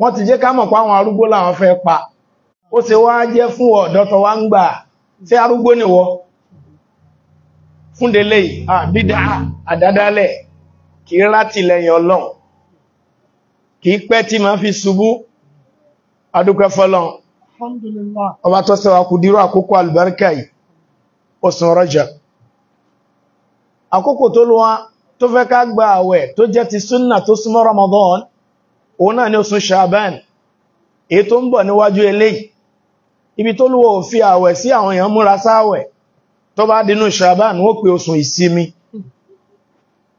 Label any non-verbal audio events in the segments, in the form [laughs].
wọ́n ti jẹ́ ká mọ̀ pé àwọn arúgbó làwọn fẹ́ pa ó ṣe wá jẹ́ fún ọ̀dọ́ tó wá ń gbà ṣé arúgbó nìwọ fúndélé àbídá àdádálẹ̀ kì í látìlẹ́yìn ọlọ́run kì í pẹ́ tí máa fi ṣubú ọba tó kù dírò àkókò yìí àkókò tó tó ká gba ti tó Ramadan òun náà ni oṣù ṣàbán èyí tó ń bọ̀ níwájú eléyìí ibi tó lúwọ́ fi àwẹ̀ sí àwọn èèyàn múra sáwẹ̀ tó bá dínú ṣàbán wọ́n pè oṣù ìsinmi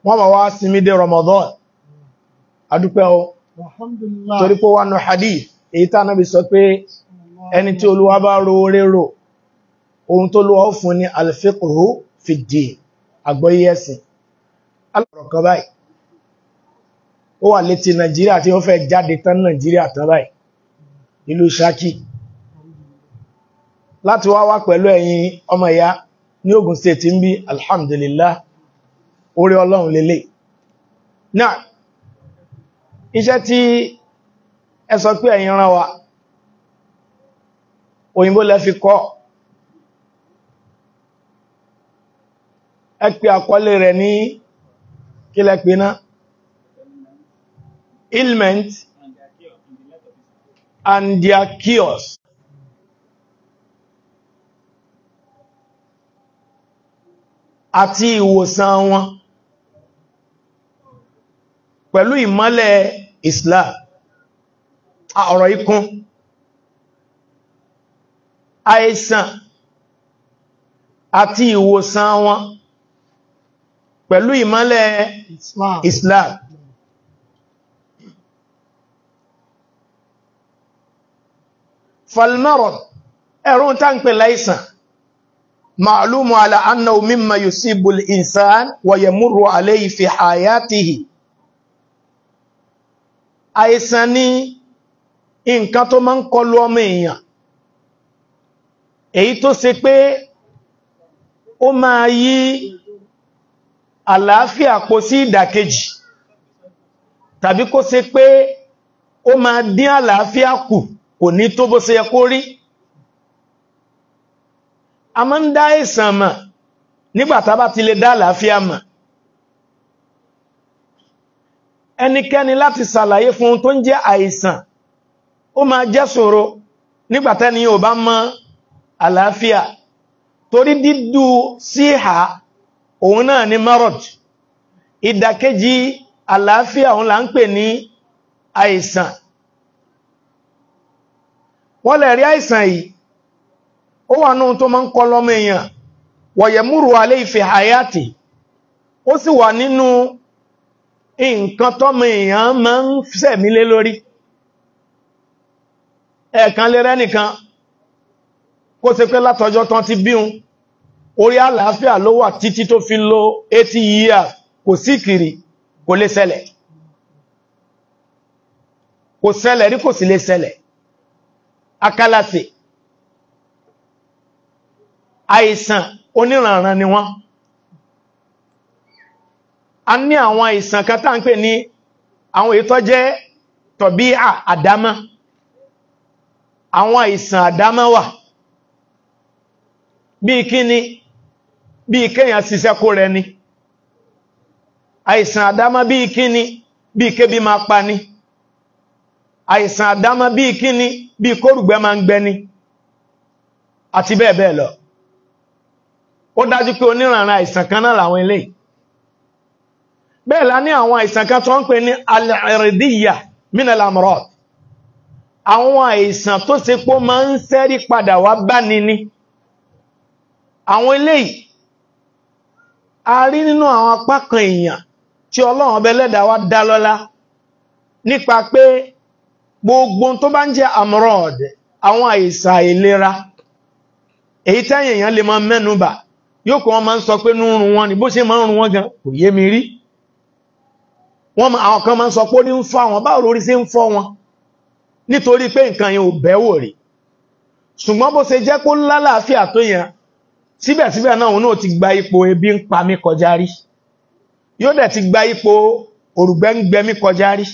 wọ́n ma wá sinmi dé Ramadan adúpẹ́ o torí pé wà nù hadith èyí tá náà bí sọ pé ẹni tí olúwa bá ro rérò ohun tó lúwọ́ fún ni al fi d-din àgbọ́yé báyìí ó wà létí nàìjíríà tí ó fẹ́ jáde tán nàìjíríà tán báyìí ìlú Ṣakí láti wá wá pẹ̀lú ẹ̀yin ọmọ ní Ogun State ń bí alhamdulillah orí ọlọ́run lélẹ̀ náà iṣẹ́ tí ẹ sọ pé ẹ̀yin rán wa òyìnbó lẹ fi kọ́ ẹ pé àkọlé rẹ̀ ní kílẹ̀ ailments and their cures. àti ìwòsàn wọn pẹ̀lú ìmọ́lẹ̀ Islam ọ̀rọ̀ ikún àìsàn àti ìwòsàn wọn pẹ̀lú ìmọ́lẹ̀ Islam falmarad ẹ̀rùn tá ń pè láìsàn ma'lumu ala annahu mimma yusibu al-insan wa yamurru alayhi fi hayatihi àìsàn ni nǹkan tó máa ń kọlu ọmọ èèyàn èyí tó ṣe pé ó máa yí àlàáfíà kó sí ìdàkejì tàbí kó ṣe pé ó máa dín àlàáfíà kò ní tó bó ṣe yẹ kó rí a máa ń dá ìsàn mọ̀ nígbàtá bá ti lè dá àlàáfíà mọ̀ ẹnikẹ́ni láti ṣàlàyé fún tó ń jẹ́ àìsàn ó máa jẹ́ ṣòro nígbàtẹ́ni ò bá mọ̀ àlàáfíà torí dídú síhà òun náà ni marot ìdàkejì àlàáfíà òun là ń pè ní àìsàn wọ́n lè rí àìsàn yìí ó wà nínú tó máa ń kọ lọ́mọ èèyàn wọ̀yẹ̀múrù alẹ́ ìfẹ́ hayati ó sì wà nínú nǹkan tọ́mọ èèyàn máa ń sẹ̀mí lé lórí ẹ̀ẹ̀kan lè rẹ́nìkan kó ṣe pé látọjọ́ tán ti bíun orí àlàáfíà ló wà títí tó fi lo 80 kò sí kiri kò lè ṣẹlẹ̀ kò ṣẹlẹ̀ rí kò sì lè ṣẹlẹ̀ akálàsè àìsàn oníranran ni wọ́n a ní àwọn àìsàn kan tá ń pè ní àwọn èyí tó jẹ́ tọ̀bí àdámá àwọn àìsàn àdámá wà bí ni, bí kéèyàn ṣiṣẹ́ kó rẹ ni àìsàn àdámá bí kíni bí kébi máa pa ni àìsàn àdámọ́ bíi kíni bíi kórùgbẹ́ máa ń gbẹ́ni àti bẹ́ẹ̀ bẹ́ẹ̀ lọ ó dájú pé oníranran àìsàn kan náà làwọn eléyìí bẹ́ẹ̀ la ní àwọn àìsàn kan tó ń pè ní al-irdiyya min àwọn àìsàn tó ṣe pó máa ń ṣẹ́rí padà wá bá ni ní àwọn eléyìí a rí nínú àwọn apá kan èèyàn tí Ọlọ́run ọbẹ̀ lẹ́dàá wá dá lọ́lá nípa pé gbogbo tó bá ń jẹ́ amrod àwọn àìsàn ìlera èyí tẹ́yìn èèyàn lè máa mẹ́nubà yóò kọ́ wọn máa ń sọ pé ní rún wọn ni bó ṣe máa ń rún wọn gan kò yé mi rí wọn àwọn kan máa ń sọ pé ó ní ń fọ́ àwọn báwo lórí ṣe ń fọ́ wọn nítorí pé nǹkan yẹn ò bẹ́wò rí ṣùgbọ́n bó ṣe jẹ́ kó lálàáfíà tó yẹn síbẹ̀síbẹ̀ náà òun náà ti gba ipò ebi ń pa mí kọjá rí yóò dẹ̀ ti gba ipò òrùgbẹ́ ń gbẹ mí kọjá rí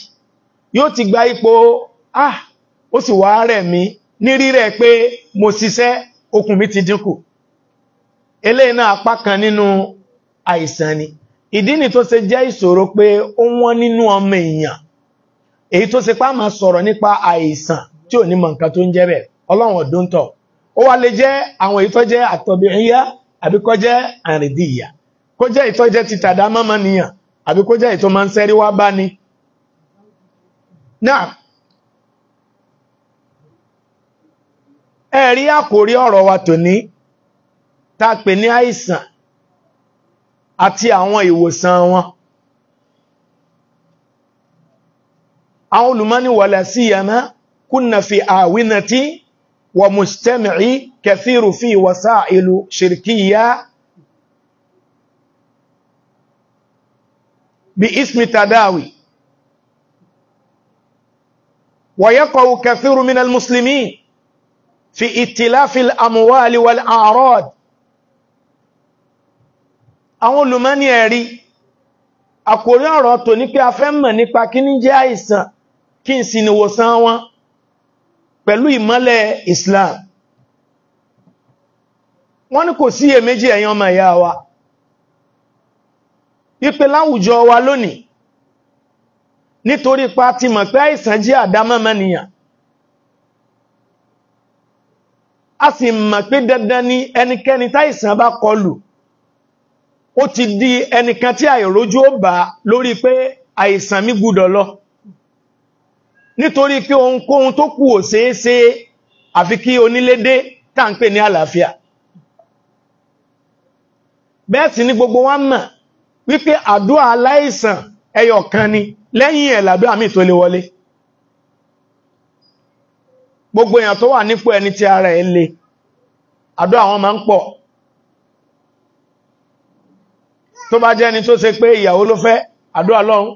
yóò ti gba ipò ah ó sì wá rẹ̀ mí ní rírẹ̀ pé mo ṣiṣẹ́ okùn mi ti dínkù eléyìí náà apá kan nínú àìsàn ni ìdí ni tó ṣe jẹ́ ìṣòro pé ó wọ́n nínú ọmọ èèyàn èyí tó ṣe pá máa sọ̀rọ̀ nípa àìsàn tí ò ní mọ̀ nǹkan tó ń jẹ́ bẹ̀ ọlọ́run ọ̀dún tọ̀ ó wá lè jẹ́ àwọn èyí tó jẹ́ àtọ̀bìrìyá àbí kó jẹ́ àrìndíyà kó jẹ́ ìtọ́jẹ́ ti tàdá mọ́mọ́ nìyàn àbí kó jẹ́ ìtọ́ máa ń sẹ́rí wá bá ni náà ẹ̀rí àkórí ọ̀rọ̀ wa tòní tá pè ní àìsàn àti àwọn ìwòsàn wọn àwọn olùmọ́ni wala siyama kunna fi àwínàtí wa mujtami'i kathiru fi wasa'ilu shirkiyya bi ismi tadawi wa yaqa'u kathiru minal muslimin في اتلاف الأموال والأعراض àwọn olùmọ́ni ẹ̀rí àkòrí ọ̀rọ̀ tò ní pé a fẹ́ mọ̀ nípa kí ní jẹ́ àìsàn kí n sì níwòsàn wọn pẹ̀lú ìmọ́lẹ̀ Islam wọ́n ní kò sí èméjì ẹ̀yin ọmọ ìyá wa wípé láwùjọ wa lónìí nítorí pa ti mọ̀ pé àìsàn jẹ́ àdámọ́mọ́nìyàn a sì mọ̀ pé dandan ni ẹnikẹ́ni táìsàn bá kọlù ó ti di ẹnìkan tí àìrójú ó bá lórí pé àìsàn mi gbúdọ̀ lọ nítorí pé ohunkóhun tó kù ò ṣeéṣe àfi kí onílédé tá ń pè ní àlàáfíà bẹ́ẹ̀ sì ni gbogbo wa mọ̀ wípé àdúrà aláìsàn ẹyọ̀kan ni lẹ́yìn ẹ̀ làdúrà míì tó lè wọlé gbogbo èèyàn tó wà nípò ẹni tí ara ẹ̀ le àdúrà wọn máa ń pọ̀ tó bá jẹ́ ẹni tó ṣe pé ìyàwó ló fẹ́ àdúrà lọ́hùn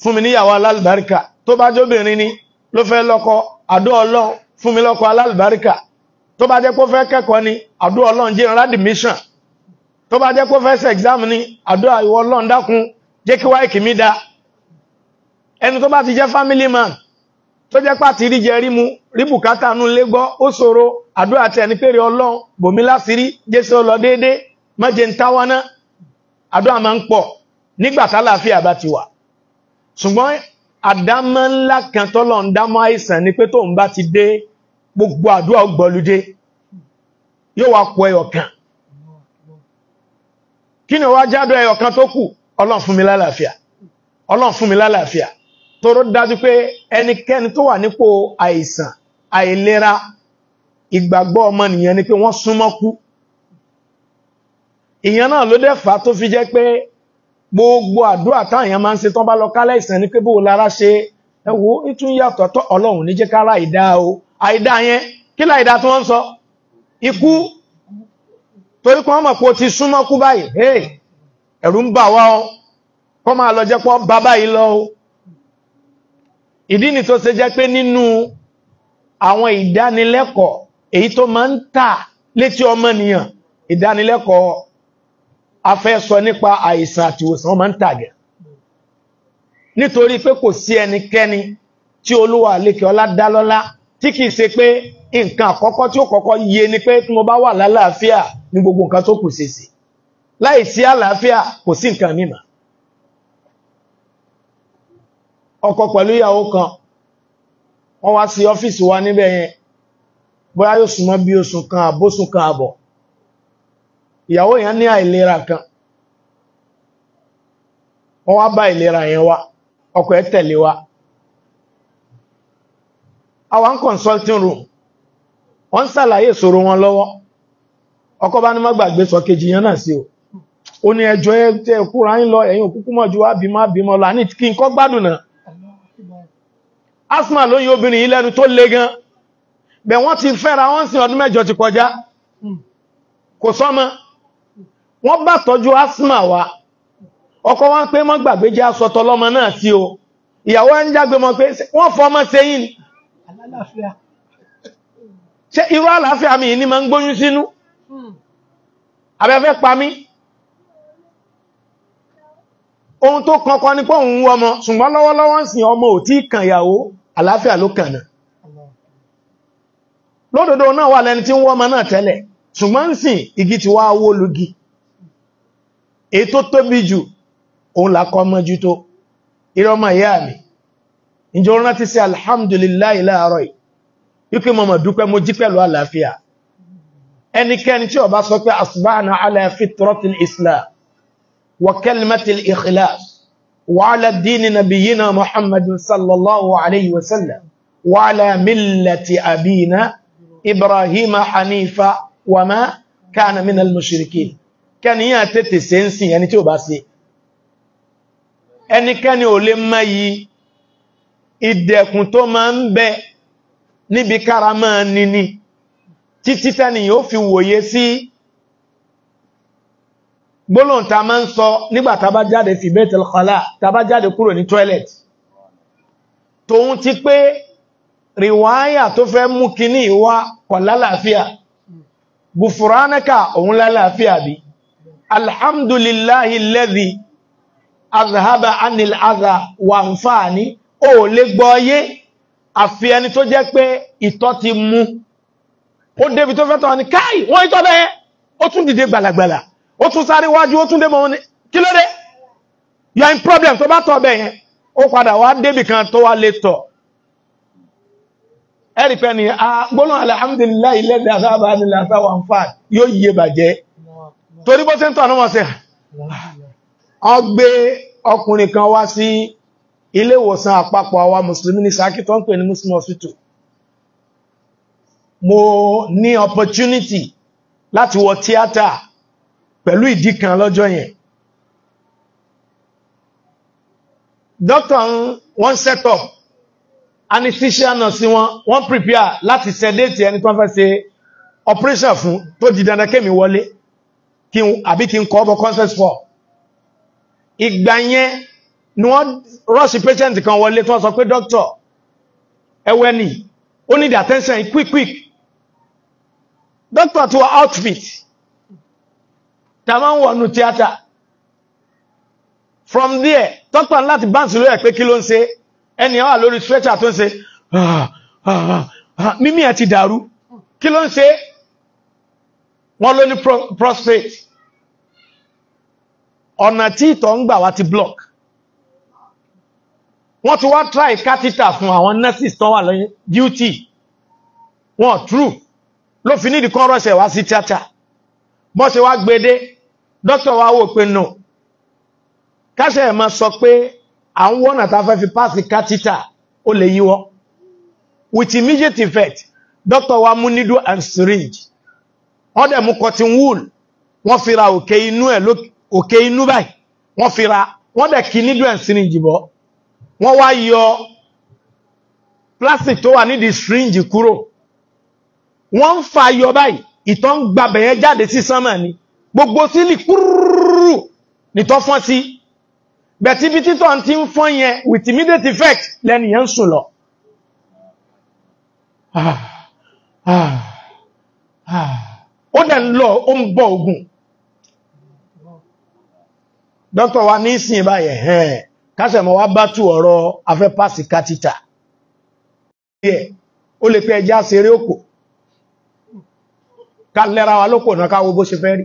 fún mi níyàwó alálùbáríkà tó bá jóbìnrin ni ló fẹ́ lọ́kọ àdúrà ọlọ́hun fún mi lọ́kọ alálùbáríkà tó bá jẹ́ kó fẹ́ kẹ́kọ̀ọ́ ni àdúrà ọlọ́hun jẹ́ rádìmíṣàn tó bá jẹ́ kó fẹ́ ṣe exam ni àdúrà ìwọ ọlọ́hun dákun jẹ́ kí wáìkì mi dá ẹni tó bá ti jẹ́ family man tó jẹ́ pàtí ríjẹ rímu rí bùkátà nú lé gbọ́ ó ṣòro àdúrà tẹ̀ ní pèrè ọlọ́run bòmí láṣìírí jésù lọ déédéé mọ́jẹ ń táwọná àdúrà máa ń pọ̀ nígbà tálàáfíà bá ti wà ṣùgbọ́n àdámọ́ ńlá kan tọ́lọ̀ ń dámọ́ àìsàn ni pé tóun bá ti dé gbogbo àdúrà ọgbọ̀lúdé yóò wá kọ ẹyọ kan kí ni ó jádọ ẹyọ kan tó kù ọlọ́run fún mi lálàáfíà ọlọ́run fún mi lálàáfíà tóró dájú pé ẹnikẹ́ni tó wà nípò àìsàn àìlera ìgbàgbọ́ ọmọnìyàn ni pé wọ́n súnmọ́ kú ìyẹn náà ló dẹ́fà tó fi jẹ́ pé gbogbo àdúrà táàyàn máa ń ṣe tán bá lọ kálẹ̀ ìsàn ní pé bó lára ṣe ẹwọ́ ìtún yàtọ̀ tọ́ ọlọ́run ní jẹ́ kára ìdá o àìdá yẹn kí láìdá tí wọ́n ń sọ ikú torí kan mọ̀ pé o ti súnmọ́ kú báyìí ẹ̀rù ń bà wá o kọ́ máa lọ jẹ́ pọ́ bá báyìí lọ o ìdí ni tó ṣe jẹ́ pé nínú àwọn ìdánilẹ́kọ̀ọ́ èyí tó máa ń tà létí ọmọnìyàn ìdánilẹ́kọ̀ọ́ afẹ́ sọ nípa àìsàn àti ìwòsàn máa ń tàgẹ̀ nítorí pé kò sí ẹnikẹ́ni tí olúwa àlékè ọlá dá lọ́lá tí kìí ṣe pé nǹkan àkọ́kọ́ tí ó kọ́kọ́ yé ni pé tí mo bá wà lálàáfíà ní gbogbo nǹkan tó kù ṣe sí láì sí àlàáfíà kò sí nǹkan mìíràn ọkọ pẹ̀lú ìyàwó kan wọ́n wá sí ọ́fíìsì wa níbẹ̀ yẹn bóyá yóò súnmọ́ bí oṣù kan àbóṣù kan àbọ̀ ìyàwó yẹn ní àìlera kan wọ́n wá bá ìlera yẹn wá ọkọ ẹ̀ tẹ̀lé wa àwọn consulting room wọ́n ń ṣàlàyé ìṣòro wọn lọ́wọ́ ọkọ bá ní má gbàgbé sọ kejì yẹn náà sí o ó ní ẹjọ́ ẹ lọ òkúkú ju wá bímọ bímọ lọ àní kí n asma ló yí obìnrin yìí lẹ́nu le gan bẹ̀ wọ́n ti fẹ́ra wọ́n sin ọdún mẹ́jọ ti kọjá kò sọ́mọ wọ́n bá tọ́jú asma wa ọkọ wọn pé mọ́ gbàgbé jẹ́ asọ̀tọ̀ lọ́mọ náà sí o ìyàwó ń mọ́ pé wọ́n fọmọ́ sẹ́yìn ṣe irú àlàáfíà mi ma ń gbóyún sínú abẹ́fẹ́ pa ohun tó kankan ni pé òun ṣùgbọ́n lọ́wọ́lọ́wọ́ ń àláfíà ló kànà lódodo náà wà lẹni tí ń wọ́ ọmọ náà tẹ́lẹ̀ ṣùgbọ́n ń sìn igi ti wá wó lugi èyí tó tóbi jù òun làkọ́ mọ́jú tó ìrọmọ ìyá mi ìjọ rántí sí alhamdulillah láàárọ̀ yíkí mọ̀mọ̀ dúpẹ́ mo jí pẹ̀lú àlàáfíà ẹnikẹ́ni tí ó sọ pé asbáhànà ala fitratil islam wa kalmatil ikhlas وعلى الدين نبينا محمد صلى الله عليه وسلم وعلى ملة أبينا إبراهيم حنيفة وما كان من المشركين كان ياتي سنسي يعني tí ó bá ṣe ẹnikẹ́ni ò lè mọ yìí ìdẹ̀kùn tó máa ń bẹ níbi kára máa gbólóhùn ta máa ń sọ nígbà tá bá jáde fi bẹ́tẹ̀l kọlá tá bá jáde kúrò ní toilet tòun ti pé rìwáyà tó fẹ́ mú kíní wá kọ̀ lálàáfíà gùfùránẹ́kà òun lálàáfíà bí alhamdulillahi lẹ́dhi azhaba anil azha wà ń fà ní ó lè gbọ́yé àfi ẹni tó jẹ́ pé ìtọ́ ti mú ó débi tó fẹ́ tọ́ ní káì wọ́n ìtọ́ bẹ́ẹ̀ ó tún dìde gbàlagbàlà ó tún sáré wájú ó tún dé kí ló you are in problem tó bá tọ̀ bẹ̀ yẹn ó padà wá débì kan tó wá lè tọ̀ ah, ni a gbóná alhamdulillah ilẹ̀dẹ̀ asáàbà nílẹ̀ asáwà ń fà yóò yíye bàjẹ́ torí bó ṣe ń tọ̀ ọ ọkùnrin kan wá sí ilé ìwòsàn àpapọ̀ àwa mùsùlùmí ní tó mo ní opportunity láti wọ tíátà pẹ̀lú ìdí kan lọ́jọ́ yẹn doctor wọ́n set up anesthesia nurse wọn wọ́n prepare láti sedate ẹni tó fẹ́ ṣe operation fún tó di dandan kémi wọlé kí àbí kí n kọ́ ọbọ̀ consent form ìgbà yẹn ni wọ́n rush patient kan wọlé tó sọ pé doctor ẹwẹ́ ni ó need attention quick quick doctor to her outfit ta wọnú tíátà from there tọ́pọ̀ láti báǹsì lórí ẹ̀ pé kí ló ń ṣe ẹni ó wà lórí stretcher tó ń ṣe ah, ah, ah, mímí ẹ̀ ti dàrú kí ló ń ṣe wọ́n ló ní prostate ọ̀nà tí ìtọ̀ ń gbà wá ti block wọ́n ti wá try catheter fún àwọn nurses tó wà lóyún duty wọn true ló fi nídìí kan rọ́ṣẹ̀ wá sí tíátà bọ́n ṣe wá gbede dókítà wa wò pé no káṣẹ́ ẹ̀ máa sọ pé à ń wọ́nà tá a fẹ́ fi páàsì kátítà ó lè yíwọ́ with immediate effect dókítà wa mú needle and syringe wọ́n dẹ̀ mú cotton wool wọ́n fi ra òkè inú ẹ̀ òkè inú báyìí wọ́n fi ra wọ́n dẹ̀ kí needle and syringe bọ́ wọ́n wá yọ plastic tó wà nídìí syringe kúrò wọ́n ń fa yọ báyìí ìtọ́ ń gbabẹ̀yẹ jáde sí sánmà ni gbogbo sílì kúrúrú nìtọ́ fọ́n sí bẹ̀tí bí títọ́ ti ń fọ́n yẹn with immediate effect lẹ́nìyàn sùn lọ ah, ah, ah. ó dẹ̀ ń lọ ó ń bọ̀ ogun dọ́tọ̀ wa ní ìsìn ìbáyẹ̀ ẹ̀hẹ́n kásẹ̀mọ̀ wá bá tú ọ̀rọ̀ afẹ́ pàṣì kátítà ó lè pẹ́ ẹjá seré òkò ká lẹ́ra wa lókò náà káwọ bó ṣe fẹ́ rí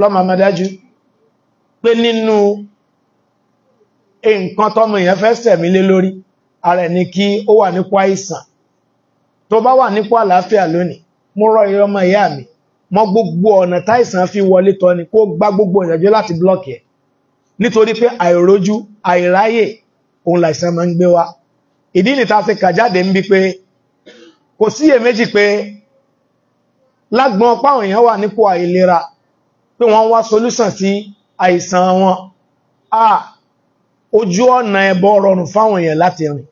lọ́mọ mẹ́dájú pé nínú nǹkan tọ́mọ èèyàn fẹ́ sẹ̀mí lé lórí ara ẹni kí ó wà nípò àìsàn tó bá wà nípò àlàáfíà lónìí mo rọ ìrọ ọmọ ìyá mi mọ gbogbo ọ̀nà táìsàn fi wọlé tọ́ ni kó gbá gbogbo ìrìnàjò láti blọ́ọ̀kì ẹ̀ nítorí pé àìrójú àìráyè òun làìsàn máa ń gbé wa ìdí ni ta ṣe kà jáde ń bí pé kò síyèméjì pé lágbọn páwọn èèyàn wà nípò àìlera pé wọ́n wá solúsàn sí àìsàn wọn a ojú ọ̀nà ẹbọ rọrùn fáwọn èèyàn láti rìn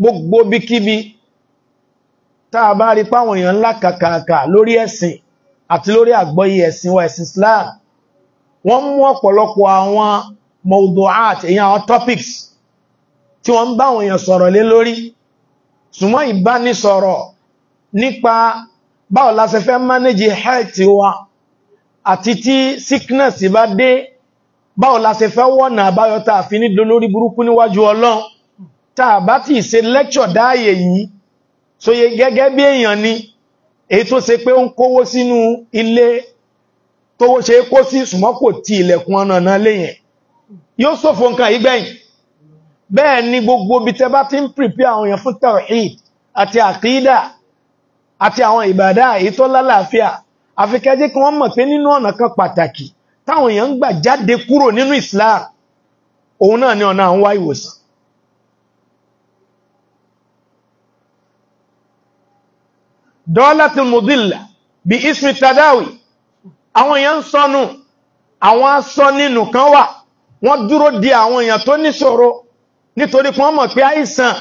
gbogbo bíkíbi tá a bá rí páwọn èèyàn ńlá kàkàkà lórí ẹ̀sìn àti lórí àgbọ́yé ẹ̀sìn wa ẹ̀sìn Islam wọ́n mú ọ̀pọ̀lọpọ̀ àwọn mawdu'at èyàn àwọn topics tí wọ́n ń bá àwọn èèyàn sọ̀rọ̀ lé lórí ṣùgbọ́n ìbánisọ̀rọ̀ nípa báwo la fẹ́ manage health wa àti tí sickness bá dé báwo la ṣe fẹ́ wọ̀nà àbáyọ tá a fi ní dolórí burúkú níwájú Ọlọ́run tá bá ti ṣe lecture dáàyè yìí sóye gẹ́gẹ́ bí èèyàn ni èyí tó ṣe pé ó ń kówó sínú ilé tówó ṣe kó sí ṣùgbọ́n kò ti ilẹ̀kùn ọ̀nà náà léyìn yóò ṣòfò nǹkan yìí gbẹ̀yìn bẹ́ẹ̀ ni gbogbo ibi tẹ́ bá ti ń prepare àwọn èèyàn fún tawhid àti àkídà àti àwọn ìbàdá èyí tó lálàáfíà àfi kẹ́ jẹ́ kí wọ́n mọ̀ pé nínú ọ̀nà kan pàtàkì táwọn èèyàn ń gbà jáde kúrò nínú Islam òun náà ni ọ̀nà àwọn wá ìwòsàn dọ́látìl mùdílà bí ismi tadawi àwọn èèyàn ń sọnù àwọn asọ nínú kan wà wọ́n dúró di àwọn èèyàn tó níṣòro nítorí wọ́n mọ̀ pé àìsàn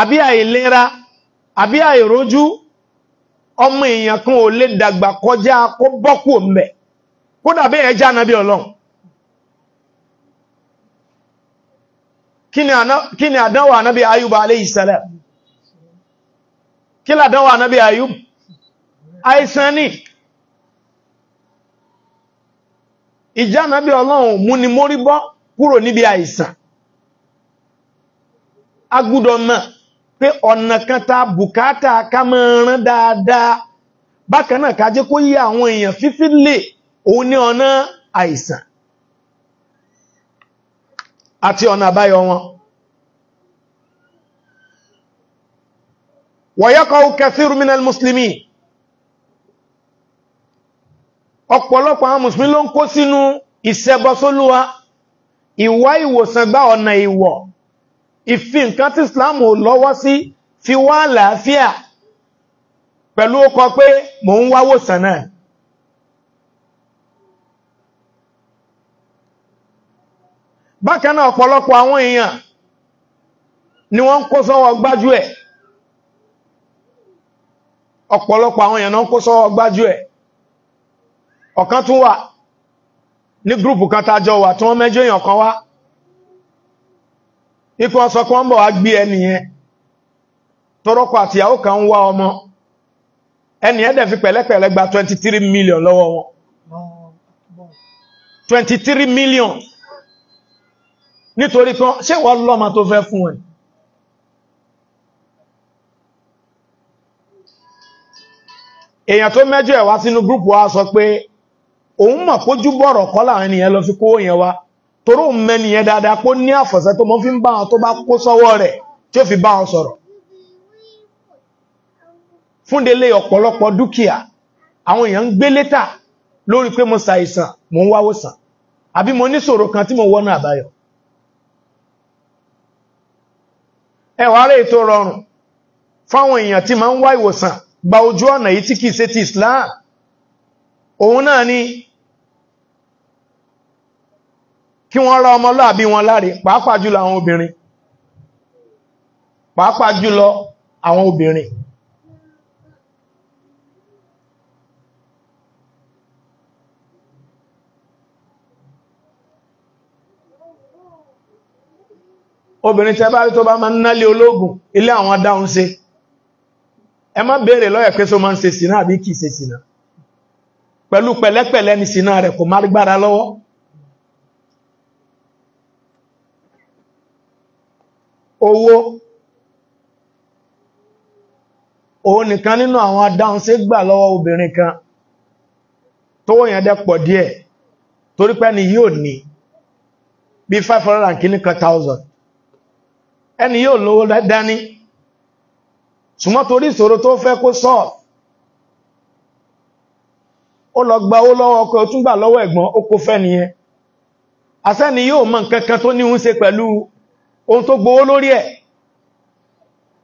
àbí àìlera àbí àìrójú ọmọ èèyàn kan ò lè dàgbà kọjá kó bọ́kù mẹ́ kódà bí ẹ̀ jáná bí ọlọ́run kí ni àdánwò ànábì ayúb alayhi salam kí làdánwò ànábì ayúb àìsàn ni ìjà ànábì ọlọ́run mú ni mórí bọ́ kúrò níbi àìsàn agbúdọ̀ náà pé ọ̀nà kan ta bùkátà ká mọ́ rán dáadáa bákan náà ká jẹ́ kó yí àwọn èèyàn fífí lè òun ní ọ̀nà àìsàn àti ọ̀nà àbáyọ wọn wọ̀yọ́kọ̀ kathiru minal mùsùlùmí ọ̀pọ̀lọpọ̀ àwọn mùsùlùmí ló ń kó sínú ìṣẹbọsólúwa ìwá ìwòsàn gbá ọ̀nà ìwọ̀ ìfi nǹkan tí Islam ò lọ́wọ́ sí fi wá àlàáfíà pẹ̀lú ọkọ̀ pé mò ń wáwò sànà bákanáà ọ̀pọ̀lọpọ̀ àwọn èèyàn ni wọ́n ń kó sọ́wọ́ gbájú ẹ̀ ọ̀pọ̀lọpọ̀ àwọn èèyàn náà ń kó sọ́wọ́ gbájú ẹ̀ ọ̀kan tún wà ní gúrùpù kan tàjọ wà tí wọ́n mẹ́jọ èèyàn kan wá ikú wọn sọ kí wọ́n bọ̀ wá gbé ẹni yẹn tọrọkọ àtìyàwó kan ń wá ọmọ ẹni yẹn dẹ̀ fi pẹ̀lẹ́pẹ̀lẹ́ gba 23 million lọ́wọ́ wọn 23 million nítorí kan ṣé wọ́n lọ́mọ tó fẹ́ fún ẹ̀ èèyàn tó mẹ́jọ ẹ̀ wá sínú gúrùpù wa sọ pé òun mọ̀ kójú bọ̀rọ̀ kọ́ láàrin ènìyàn lọ fi kó yẹn wá toro mmeni ya dada ko ni afose to mo fi ba to ba ko sowo re ti o fi ba soro Fundele de le opolopo dukia awon eyan gbe leta lori pe mo isan mo nwa san abi mo nisoro kan ti mo wona abayo e wa re to rorun fun eyan ti ma nwa iwosan gba oju ona yi ti se ti islam ohun na ni kí wọ́n ra ọmọlúàbí wọn láre pàápàá jùlọ àwọn obìnrin pàápàá jùlọ àwọn obìnrin obìnrin tẹ́ bá rí tó bá máa ń nálé ológun ilé àwọn dáhùn ṣe ẹ má béèrè lọ́yẹ̀ pé so máa ń ṣe sínà àbí kìí ṣe sínà pẹ̀lú pẹ̀lẹ́pẹ̀lẹ́ ni sínà rẹ̀ kò má gbára lọ́wọ́ owó òun nìkan nínú àwọn adáhunṣe gbà lọ́wọ́ obìnrin kan tó wòyàn dẹ́ pọ̀ díẹ̀ torí pé ni yóò ní bí 500 kìíní kan thousand ẹni yóò lówó dání ṣùgbọ́n torí ìṣòro tó fẹ́ kó sọ́ọ̀ ó lọ gba owó lọ́wọ́ ọkọ ọtún gbà lọ́wọ́ ẹ̀gbọ́n ó kó fẹ́ nìyẹn àṣẹ́ni yóò mọ̀ nǹkan kan tó níhun se pẹ̀lú ohun tó gbowó lórí ẹ̀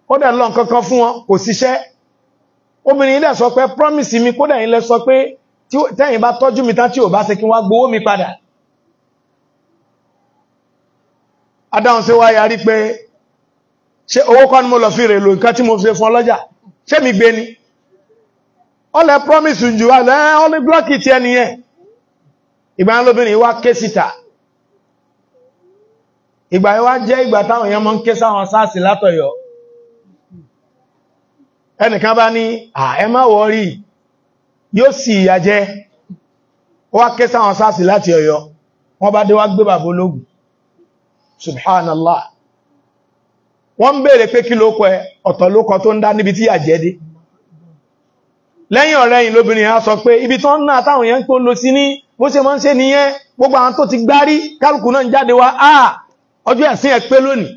ó dẹ̀ lọ nǹkan kan fún wọn kò síṣẹ́ obìnrin dẹ̀ sọ pé promise mi kódà yín lẹ sọ pé tẹ́yìn bá tọ́jú mi tán tí ò bá ṣe kí wọ́n gbowó mi padà adáhùn sí wá yarí pé ṣe owó kan ni mo lọ fi rè lò nǹkan tí mo fi fún ọlọ́jà ṣé mi gbé ni ọlẹ promise jù wá lẹ́ ọlẹ blọ́ọ̀kì ti ẹnìyẹn ìgbà lóbìnrin wá ké síta ìgbà yẹn wá jẹ́ ìgbà táwọn èèyàn máa ń ké sáwọn sáàsì látọ̀yọ́ ẹnìkan bá ní à ẹ má wọ́rí yóò sì ìyà jẹ́ ó wá ké sáwọn sáàsì láti Ọ̀yọ́ wọ́n bá dé wá gbé bàbá ológun subhanallah wọ́n ń béèrè pé kí ló kọ ẹ ọ̀tọ̀ ló kọ tó ń dá níbi tí yà jẹ́ dé lẹ́yìn ọ̀rẹ́ yìí lóbìnrin á sọ pé ibi tán náà táwọn èèyàn ń pò lọ sí ní bó ṣe máa ń ṣe nìyẹn gbogbo àwọn tó ti gbárí kálukú náà ń jáde wá áà ọjọ́ ẹ̀sìn ẹ pé lónìí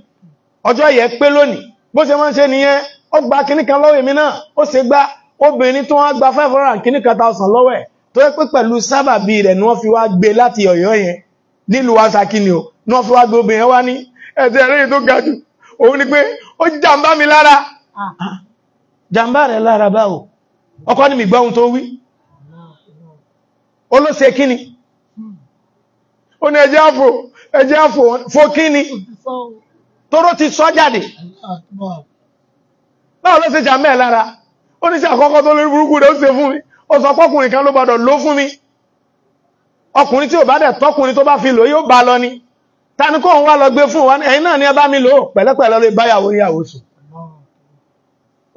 ọjọ́ ẹ̀yẹ pé lónìí bó ṣe máa ń ṣe nìyẹn ó gba kinní kan lọ́wọ́ èmi náà ó ṣe gbá obìnrin tó wá gba five hundred thousand lọ́wọ́ ẹ̀ tó yẹ pé pẹ̀lú sábàbí rẹ̀ ni wọ́n fi wá gbé láti ọ̀yọ́ yẹn nílùú wa ṣàkíni o ni wọ́n fi wá gbé obìnrin wá ní ẹ̀sẹ̀ rẹ̀ tó ga jù òun ni pé ó jàǹbá mi lára ah. jàǹbá rẹ̀ lára báwo ọkọ ni mi gbọ́ ohun tó wí ó hmm. ó ní ẹjẹ́ àfò ẹjẹ́ fòkíní tóró ti sọ jáde báwo ló ṣe jà mẹ́ lára ó ní sí àkọ́kọ́ tó lórí burúkú rẹ̀ ó ṣe fún mi ó sọ pọ́kùnrin kan ló gbọ́dọ̀ ló fún mi ọkùnrin tí ò bá dẹ̀ tọ́kùnrin tó bá fi lò yóò bá lọ ni tani kóhun wá lọ gbé fún wa ẹ̀yin náà ni ẹ bá mi lò pẹ̀lẹ́pẹ̀lẹ́ lè báyàwó níyàwó sùn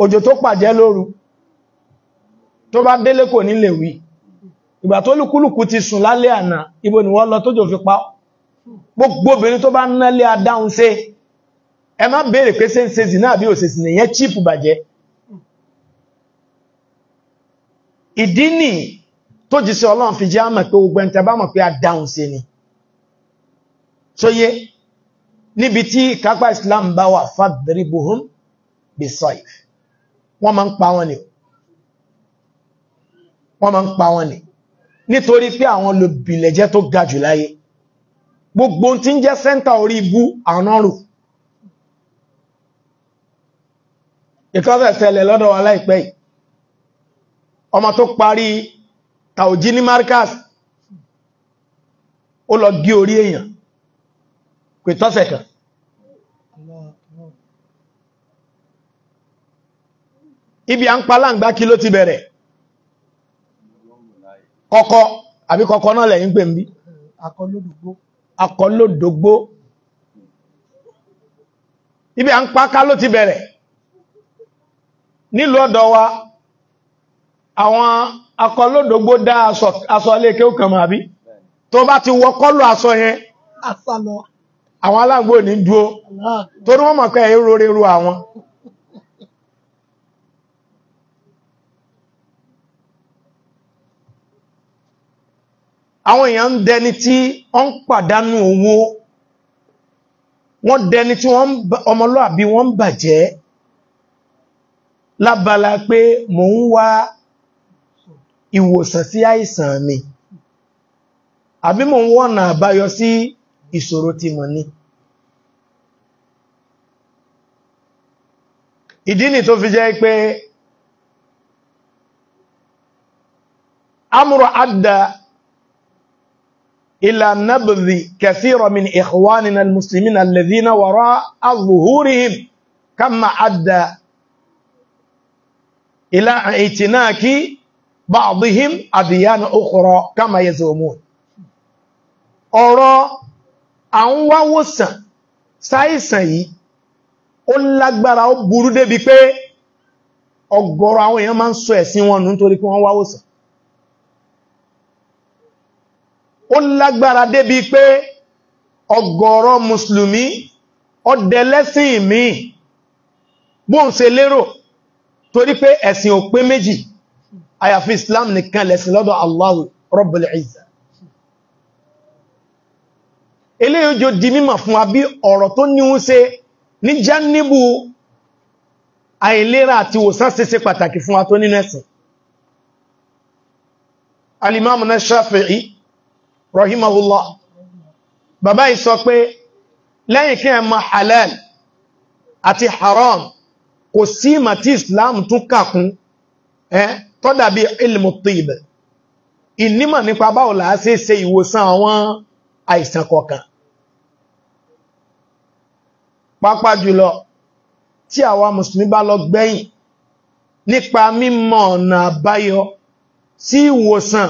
òjò tó pàjẹ́ lóru tó bá délé kò ní lè wí ìgbà tó lùkúlùkù ti sùn lálẹ́ àná ibo ni wọ́n lọ tójò fi pa gbogbo obìnrin tó bá nálé adáhun ṣe ẹ má béèrè pé ṣe ń ṣe zìnà àbí òṣèṣì nìyẹn chíìpù bàjẹ́ ìdí nì tó jí sí ọlọ́run fi jẹ́ àmọ̀ pé gbogbo ẹni tẹ́ bá mọ̀ pé adáhun ṣe ni sóyé níbi tí kápá Islam bá wà fadribuhum bisaif wọ́n máa ń pa wọn ni wọ́n máa ń pa wọn ni nítorí pé àwọn olùbìlẹ̀jẹ́ tó ga jù láyé gbogbo tí ń jẹ́ sẹ́ntà orí ibú ànọ́rù ìkọ́fẹ́ ṣẹlẹ̀ lọ́dọ̀ wa láìpẹ́ ọmọ tó parí tàòjí ní marcus ó lọ gí orí èèyàn pè kan ibi à ń pa láǹgbá kí ló ti bẹ̀rẹ̀ kọ́kọ́ àbí kọ́kọ́ náà lẹ́yìn pè ń akọlódògbó ibi à ń paká ló ti bẹ̀rẹ̀ nílùú ọ̀dọ̀ wa àwọn akọlódògbó dá aṣọ ilé kéwù kan màbí tó bá ti wọ kọ́lù aṣọ yẹn àwọn aláàgbò ní dúó torí wọ́n mọ̀ pé ẹ̀rọ rẹ̀ ru àwọn àwọn èèyàn ń dẹni tí wọ́n ń pàdánù owó wọ́n dẹni tí wọ́n ọmọlúàbí wọ́n ń bàjẹ́ lábala pé mò ń wá ìwòsàn sí àìsàn mi àbí mò ń wọ́nà àbáyọ sí ìṣòro tí mo ní ìdí ni tó fi jẹ́ pé amúrò àdá إلى نبذ كثير من إخواننا المسلمين الذين وراء ظهورهم كما أدى إلى اعتناك بعضهم أديان أخرى كما يزعمون ọ̀rọ̀ àwọn wáwòsàn sáìsàn yìí ó lágbára ó burú débi pé ọ̀gọ̀rọ̀ àwọn èèyàn máa ń sọ ẹ̀sìn wọn nù nítorí pé wọ́n wáwòsàn ó lágbára débi pé ọ̀gọ̀rọ̀ mùsùlùmí ọdẹlẹ́sìn mi bóhùn ṣe lérò torí pé ẹ̀sìn ò pé méjì àyàfi Islam nìkan lẹ̀sìn lọ́dọ̀ Allahu Rabbul Izza eléyìí jò di mímọ̀ fún wa bí ọ̀rọ̀ tó ní ń ṣe ní jánníbù àìlera àti wòsàn ṣe ṣe pàtàkì fún wa tó nínú ẹ̀sìn Al-Imam Shafi'i rahimahullah bàbá yìí sọ pé lẹ́yìn kí ẹ mọ halal àti haram kò sí ìmọ̀ tí islam tún kàkún ẹ́ tó dàbí ilmu tib ìnímọ̀ nípa báwo la ṣe ṣe ìwòsàn àwọn àìsàn kọ̀ọ̀kan pápá jùlọ tí àwa mùsùlùmí bá lọ gbẹ̀yìn nípa mímọ̀ ọ̀nà àbáyọ sí ìwòsàn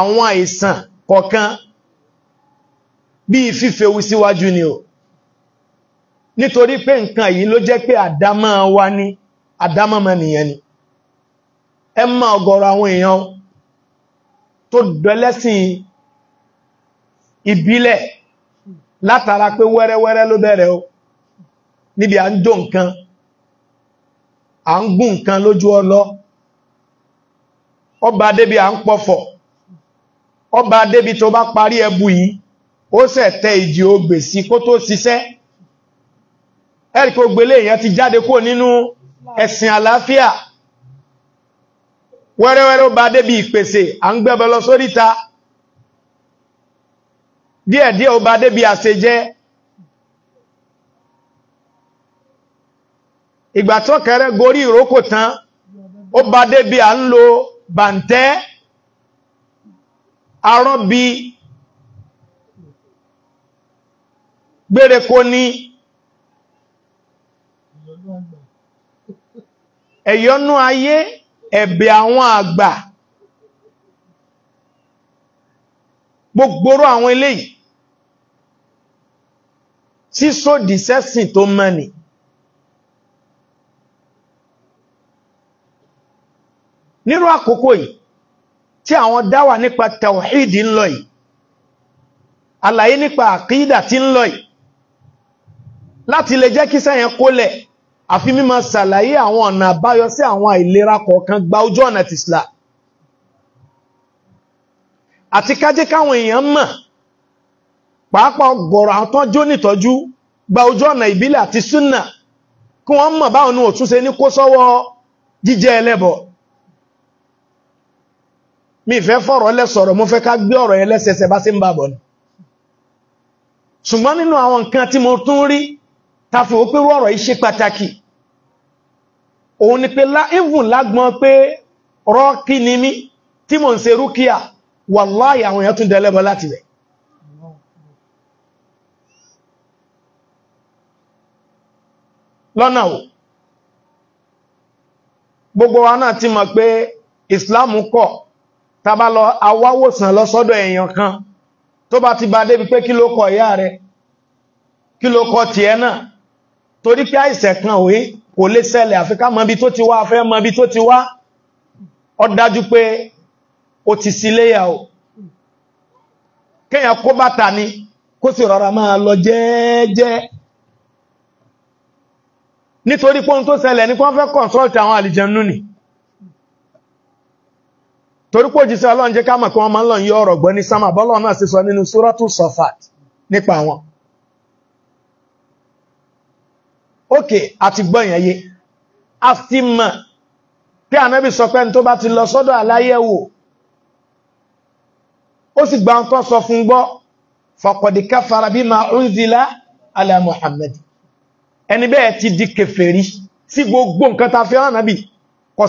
àwọn àìsàn kọ̀kan bí fífewu síwájú ni o nítorí pé nǹkan yìí ló jẹ́ pé àdámọ́ wa ni àdámọ́ mọ̀nìyàn ni ẹ má ọ̀gọ̀rọ̀ àwọn èèyàn tó dọ́lẹ́sìn ìbílẹ̀ látara pé wẹ́rẹ́wẹ́rẹ́ ló bẹ̀rẹ̀ o níbi à ń jó nǹkan à ń gún nǹkan lójú ọlọ ọba débi à ń pọ̀fọ̀ ọba débi tó bá parí ẹbu yìí ó sẹ̀ tẹ ìjì ogbè sí kó tó ṣiṣẹ́ ẹ̀rì kó gbélé èèyàn ti jáde kó nínú ẹ̀sìn àlàáfíà wẹ́rẹ́wẹ́rẹ́ ó bá débi ìpèsè à ń gbẹ́bẹ lọ sóríta díẹ̀díẹ̀ ó bá débi àṣejẹ́ ìgbà tó kẹrẹ gorí ìrókò tán ó bá débi à ń lo bàǹtẹ́ arọ́bí gbéreko ní ẹ̀yọ́nú ayé ẹ̀bẹ̀ àwọn àgbà gbogboro àwọn eléyìí tí sódì sẹ́sìn tó mẹ́ni nírú àkókò yìí tí àwọn dáwà nípa tawhidi ń lọ yìí àlàyé nípa àkídà tí ń lọ yìí láti lè jẹ́ kíṣẹ́ yẹn kólẹ̀ àfi mímọ̀ ṣàlàyé àwọn ọ̀nà àbáyọ sí àwọn àìlera kọ̀ọ̀kan gba ojú ọ̀nà ti Islam àti kájé káwọn èèyàn mọ̀ pàápàá gbọ̀rọ̀ àwọn tán jó nìtọ́jú gba ojú ọ̀nà ìbílẹ̀ àti súnà kí wọ́n mọ̀ báwọn òtúnṣe ní kó sọ́wọ́ jíjẹ́ ẹlẹ́bọ̀ọ́ mi fẹ́ fọ̀rọ̀ lẹ́sọ̀rọ̀ mo fẹ́ ká gbé ọ̀rọ̀ yẹn lẹ́sẹsẹ bá sí ń bàbọ̀ ni ṣùgbọ́n nínú àwọn nǹkan tí mo tún rí ta fi wọ́n pé ọ̀rọ̀ yìí ṣe pàtàkì òun ni pé even lágbọ́n pé rọ́ọ̀kì ni mí tí mò ń ṣe rúkìá wàláì àwọn èèyàn tún dẹlẹ́bọ láti rẹ̀ lọ́nà wo gbogbo wa náà ti mọ̀ pé Islam kọ̀ tàbá lọ awáwòsàn lọ sọ́dọ̀ èèyàn kan tó bá ti bá débi pé kí ló kọ ìyá rẹ kí ló kọ tiẹ̀ náà torí pé àìsẹ̀ kan òye kò lè ṣẹlẹ̀ àfi ká mọbi tó ti wá afẹ́ mọbi tó ti wá ó dájú pé ó ti sí léyà o kéèyàn kó bàtà ni kó sì rọra máa lọ jẹ́ẹ́jẹ́ nítorí pé tó ṣẹlẹ̀ ni pé wọ́n fẹ́ consult àwọn àlìjẹ̀nú ni. torí pé òjíṣẹ́ ọlọ́run jẹ́ ká mọ̀ kí wọ́n máa ń lọ yí ọ̀rọ̀ gbọ́ ní sámà bọ́lọ́ náà sì sọ nínú nípa wọn ókè àti gbọ́yàn yé a ti mọ̀ pé ànábì sọ pé tó bá ti lọ sọ́dọ̀ ó gba ọ̀tọ́ sọ fún gbọ́ faqad ma ala muhammed ẹni ti di sí gbogbo nǹkan ta fi hàn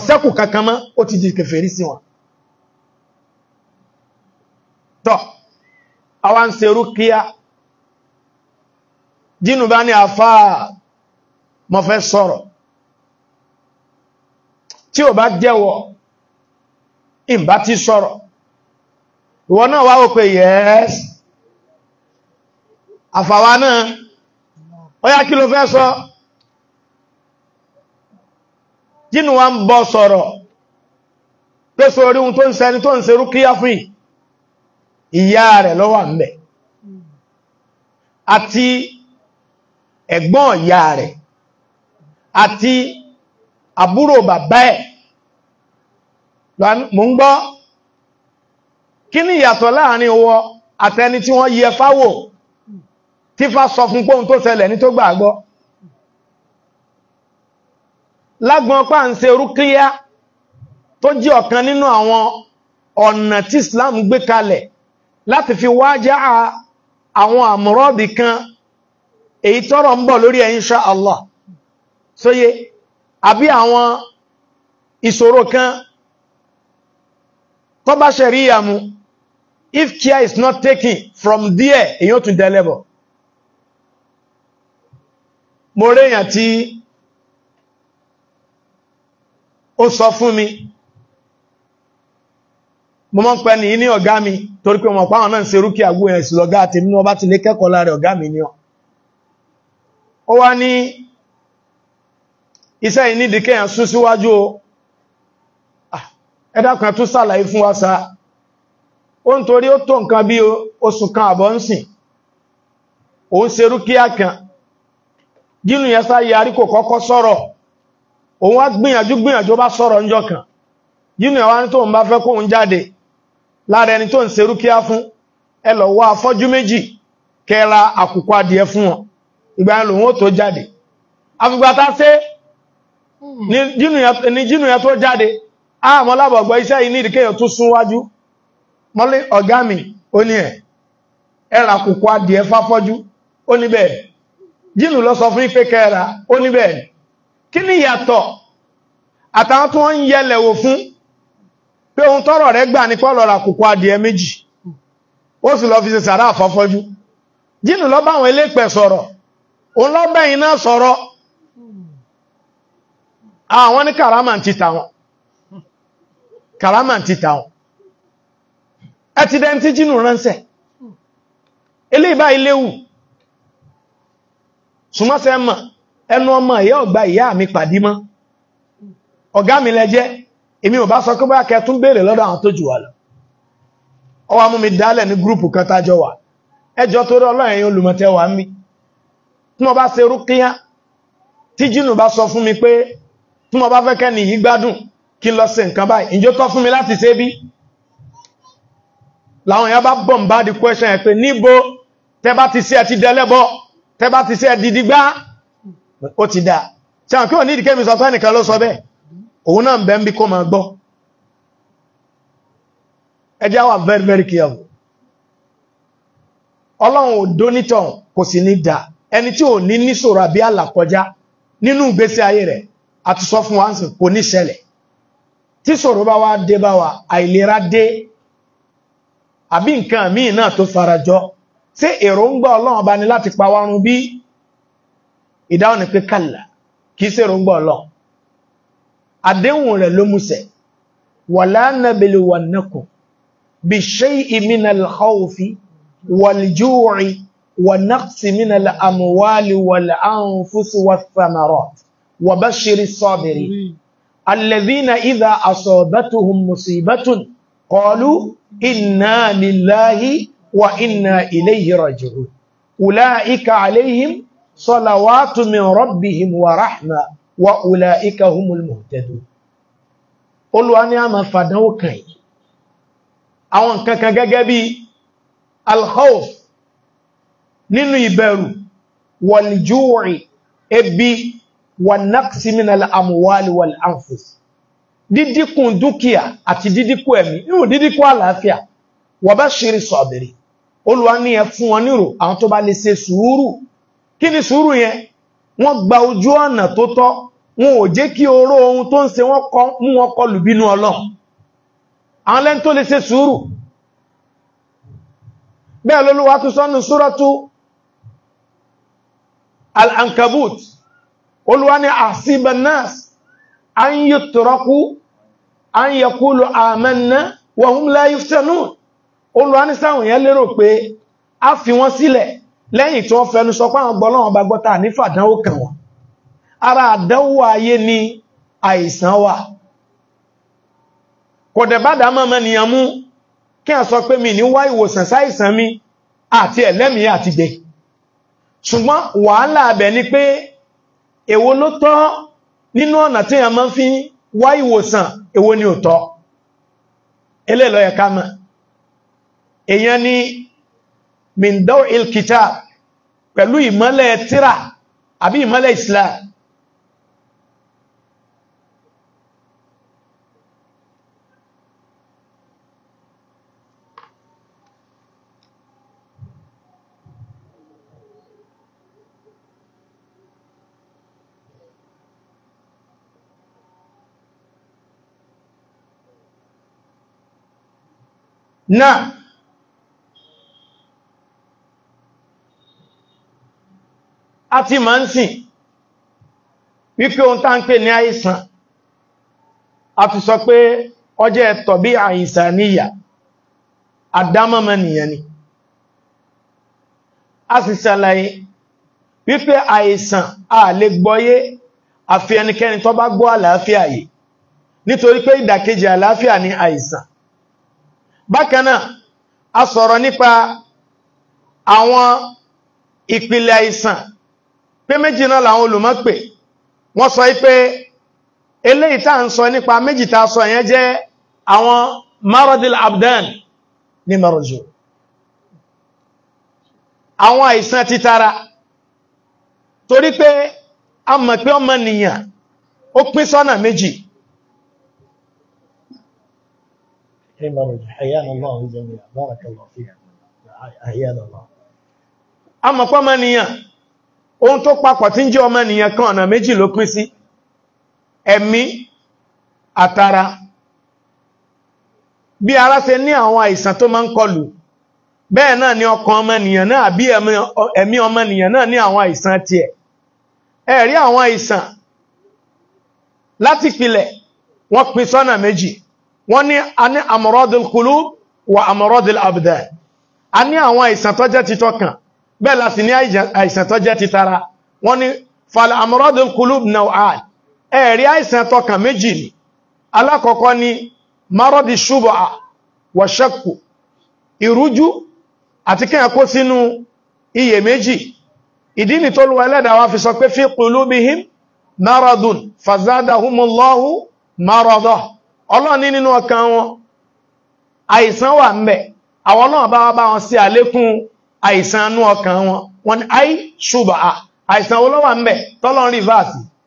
sẹ́kù kankan mọ́ tọ́ àwa ń ṣe rúkíá jínú bá ní àfáà mo fẹ́ sọ̀rọ̀ tí ò bá jẹ́wọ́ ìbá ti sọ̀rọ̀ ìwọ náà wá ó pé yes àfàwà náà ó kí ló fẹ́ sọ jínú wa ń bọ́ sọ̀rọ̀ pé sórí ohun tó ń ṣẹni tó ń ṣe rúkíá fún yìí ìyá rẹ̀ ló wà ńbẹ̀ àti ẹ̀gbọ́n ìyá rẹ̀ àti àbúrò bàbá ẹ̀ mo ń gbọ́ kí ni ìyàtọ̀ láàrin wọ àtẹni tí wọ́n yẹ fáwò tí fá sọ fún pé tó ṣẹlẹ̀ ní tó gbàgbọ́ lágbọn pa ń ṣe rúkíyá tó jẹ́ ọ̀kan nínú àwọn ọ̀nà tí Islam gbé kalẹ̀ láti fi wájá àwọn àmúrọ́bì kan èyí tọ́rọ ń bọ̀ lórí ẹ̀ insha Allah sóyé àbí àwọn ìṣòro kan tó bá ṣẹ̀rí ìyàmú if care is not taken from there èyí ó tún dẹ́lẹ́bọ̀ mo réyàn tí ó sọ fún mi mo mọ́ ń ni ní mi torí pé wọn pàwọn náà ń ṣe rúkì àgbó ẹ̀ lọ́gá àti ọba ti lé kẹ́kọ̀ọ́ mi ní ọ ó wá ní iṣẹ́ yìí nídìí sún síwájú o ẹ̀dá kan tún sàlàyé fún wa sa ó ń torí ó tó nǹkan bí oṣù kan àbọ̀ ń sìn òun kan jínú yẹn sá yarí kò kọ́kọ́ sọ̀rọ̀ òun wá gbìyànjú gbìyànjú bá sọ̀rọ̀ kan jínú yẹn wá ní tóun bá fẹ́ lára ẹni tó ń ṣe rúkíá fún ẹ lọ wá afọ́jú méjì kẹra àkùkọ adìẹ fún wọn ìgbà yẹn lòun ó tó jáde afigbata ṣe ní jínú yẹn tó jáde àmọ́ lábọ̀gbọ́ iṣẹ́ yìí ní ìdíkẹ́yàn tó súnwájú ọ̀gá mi ó ní ẹ̀ adìẹ fáfọ́jú ó ní bẹ́ẹ̀ lọ sọ fún ó ní bẹ́ẹ̀ pé ohun tọrọ rẹ gbà ní pọ́lọ̀ ra kòkó adìẹ méjì ó lọ fi ṣe sàrá àfọ́fọ́jú jínù lọ bá àwọn elépẹ̀ sọrọ òun lọ bẹ́yìn náà sọrọ àwọn ah, ní karama ti tàwọn kàrámà ti tàwọn ẹ ti dẹ́ntí jínù ránṣẹ́ ilé ìbá iléwù súnmọ́sẹ́ mọ̀ ẹnu ọmọ mi mọ́ ọ̀gá mi èmi ò bá sọ pé bóyá kẹtún béèrè lọ́dọ̀ àwọn tó jù wà lọ ó wá mú mi dálẹ̀ ní gúrùpù kan tájọ wà ẹjọ́ tó rí ọlọ́run ẹ̀yin olùmọ̀tẹ́ wà ń tí mo bá ṣe rúkíyá tí jínù bá sọ fún mi pé tí mo bá fẹ́ kẹ́ni yìí gbádùn kí n lọ ṣe nǹkan báyìí ǹjẹ́ tọ́ fún mi láti ṣe bí làwọn èèyàn bá bọ̀ ń bá di question ẹ̀ pé níbo tẹ́ bá ti ṣe ẹ ti dẹlẹ́bọ tẹ́ bá ti ṣe ẹ didi gbá ó ti dáa ṣe àwọn kí ò ní ìdíkẹ́ mi sọ fẹ́ nìkan ló sọ bẹ́ẹ̀ òun náà bẹ́ ń bí kó máa gbọ́ ẹjá wà very very careful ọlọ́run ò dónítàn kò sì ní dà ẹni tí ò ní níṣòro àbí àlàkọjá nínú ìgbésí ayé rẹ̀ àti sọ fún wáǹsì kò ní ṣẹlẹ̀ tí ṣòro bá wá dé bá wa àìlera dé àbí nǹkan míì náà tó farajọ ṣé èròǹgbà ọlọ́run bá ní láti pa wárun bí ìdáhùn ni pé kàlà kìí ṣèròǹgbà ọlọ́run àdéhùn rẹ̀ ló múṣẹ wala nabluwannakum bishay'in minal khawfi wal ju'i wa naqsin minal amwali wal anfusi wath thamarat wa bashiris sabirin alladhina idha asabatuhum musibatun qalu inna lillahi wa inna ilayhi raji'un ulaika alayhim salawatu min rabbihim wa ulaika humul muhtadun olúwa ní a máa fàdánwò kàn yìí àwọn nǹkan kan gẹ́gẹ́ bí al-khawf nínú ìbẹ̀rù wal-ju'i ebi wan-naqsi minal amwali wal anfus dídíkùn dúkìá àti dídíkù ẹ̀mí nínú dídíkù àlàáfíà wa bashiri sabiri olúwa ní ẹ fún wọn nírò àwọn tó bá lè ṣe sùúrù kí ni sùúrù yẹn wọ́n gba ojú ọ̀nà tó tọ́ wọn ò jẹ́ kí oró ohun tó ń ṣe wọ́n kọ́ mú wọn kọlù bínú ọlọ́run àwọn lẹ́n tó lè ṣe sùúrù bẹ́ẹ̀ lólúwa tún sọ́nù súrọ́tú al-ankabut olúwa ni àṣíbanas an yí tọ́rọkú kúlù àmẹ́nà wọ̀hún láyé fẹ́nù olúwa ní sáwọn yẹn lérò pé a fi wọ́n sílẹ̀ lẹ́yìn tí wọ́n fẹnu sọ páwọn gbọ́ lọ́wọ́ bá gbọ́ta ara àdánwò ayé ni àìsàn wà kò dẹ̀ bá dámọ́ mẹ́niyàn mú kí a sọ pé mi ní wá ìwòsàn sáìsàn mi àti ẹ̀lẹ́mì àti gbẹ̀ ṣùgbọ́n wàhálà abẹ̀ ni pé èwo ló tọ́ nínú ọ̀nà tí ni ò tọ́ ká mọ̀ ni il kitab pẹ̀lú ìmọ́lẹ̀ tíra àbí ìmọ́lẹ̀ Islam náà a ti máa ń sìn wípé ohun tá ń pè ní àìsàn a fi sọ pé ọjẹ́ ẹ̀tọ̀ bí àìsàn níyà àdámọ́mọ́ nìyàn ni a sì ṣàlàyé wípé àìsàn a lè gbọ́yé àfi ẹnikẹ́ni tó bá gbọ́ àlàáfíà yìí nítorí pé ìdàkejì àlàáfíà ni àìsàn bákan náà a sọ̀rọ̀ nípa àwọn ìpìlẹ̀ àìsàn pé méjì náà làwọn olùmọ̀ pè wọ́n sọ pé eléyìí tá ń sọ nípa méjì tá sọ yẹn jẹ́ àwọn maradil abdan ní marojo àwọn àìsàn títara torí pé a mọ̀ pé ọmọ nìyàn ó pín sọ́nà méjì a mọ̀ pé ọmọ nìyàn ohun tó papọ̀ tí ń jẹ́ ọmọ ènìyàn kan ọ̀nà méjì ló pín sí ẹ̀mí àtara ara ṣe ní àwọn àìsàn tó máa ń kọlù bẹ́ẹ̀ náà ni ọkàn ọmọnìyàn náà àbí ẹ̀mí naa náà ní àwọn àìsàn tiẹ̀ ẹ̀rí àwọn àìsàn láti filẹ̀ wọ́n pín sọ́nà méjì wọ́n ní a ní àmọ̀rọ́dìl wà àmọ̀rọ́dìl abdan a ní àwọn àìsàn bẹ́ẹ̀ la sì ní àìsàn tó jẹ́ ti tara wọ́n ní fala amradul qulub naw'an ẹ̀rí àìsàn tọkàn méjì ni alákọ̀ọ́kọ́ ni maradi shubha wa shakku ìrújú àti kíyàn kó sínú iyèméjì ìdí ni tó lùwà ẹlẹ́dàá wa fi sọ pé fi qulubihim maradun fazadahumullahu marada ọlọ́ni nínú ọkàn wọn àìsàn wà ń bẹ àwọn náà bá wá bá wọn sí àlékún àìsàn anú ọkàn wọn wọ́n ní àì ṣùgbà àìsàn olówà ń bẹ̀ tọ́lọ́n rí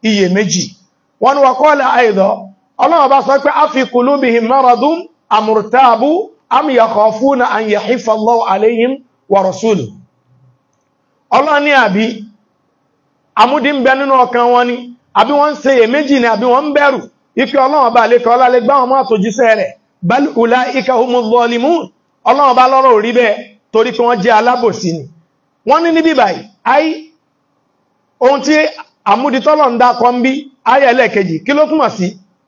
iye méjì wọ́n ní wọ́kọ́lẹ̀ àìdọ́ ọlọ́wọ́ bá sọ pé a fi kulubihim maradun amurtabu an yahifa Allahu alayhim wa rasuluhu ọlọ́wọ́ ní àbí amúdí ń bẹ nínú ọkàn wọn ni àbí wọ́n ń ṣe iye méjì ni àbí wọ́n ń bẹ̀rù ọlọ́wọ́ bá lè kọ́ wọn torí pé wọ́n jẹ́ alábòsí ni wọ́n ní níbí báyìí ayé ohun tí àmúdítọ́lọ̀ ń dá kọ́ ń bí ayé ẹlẹ́ẹ̀kejì kí ló túmọ̀ sí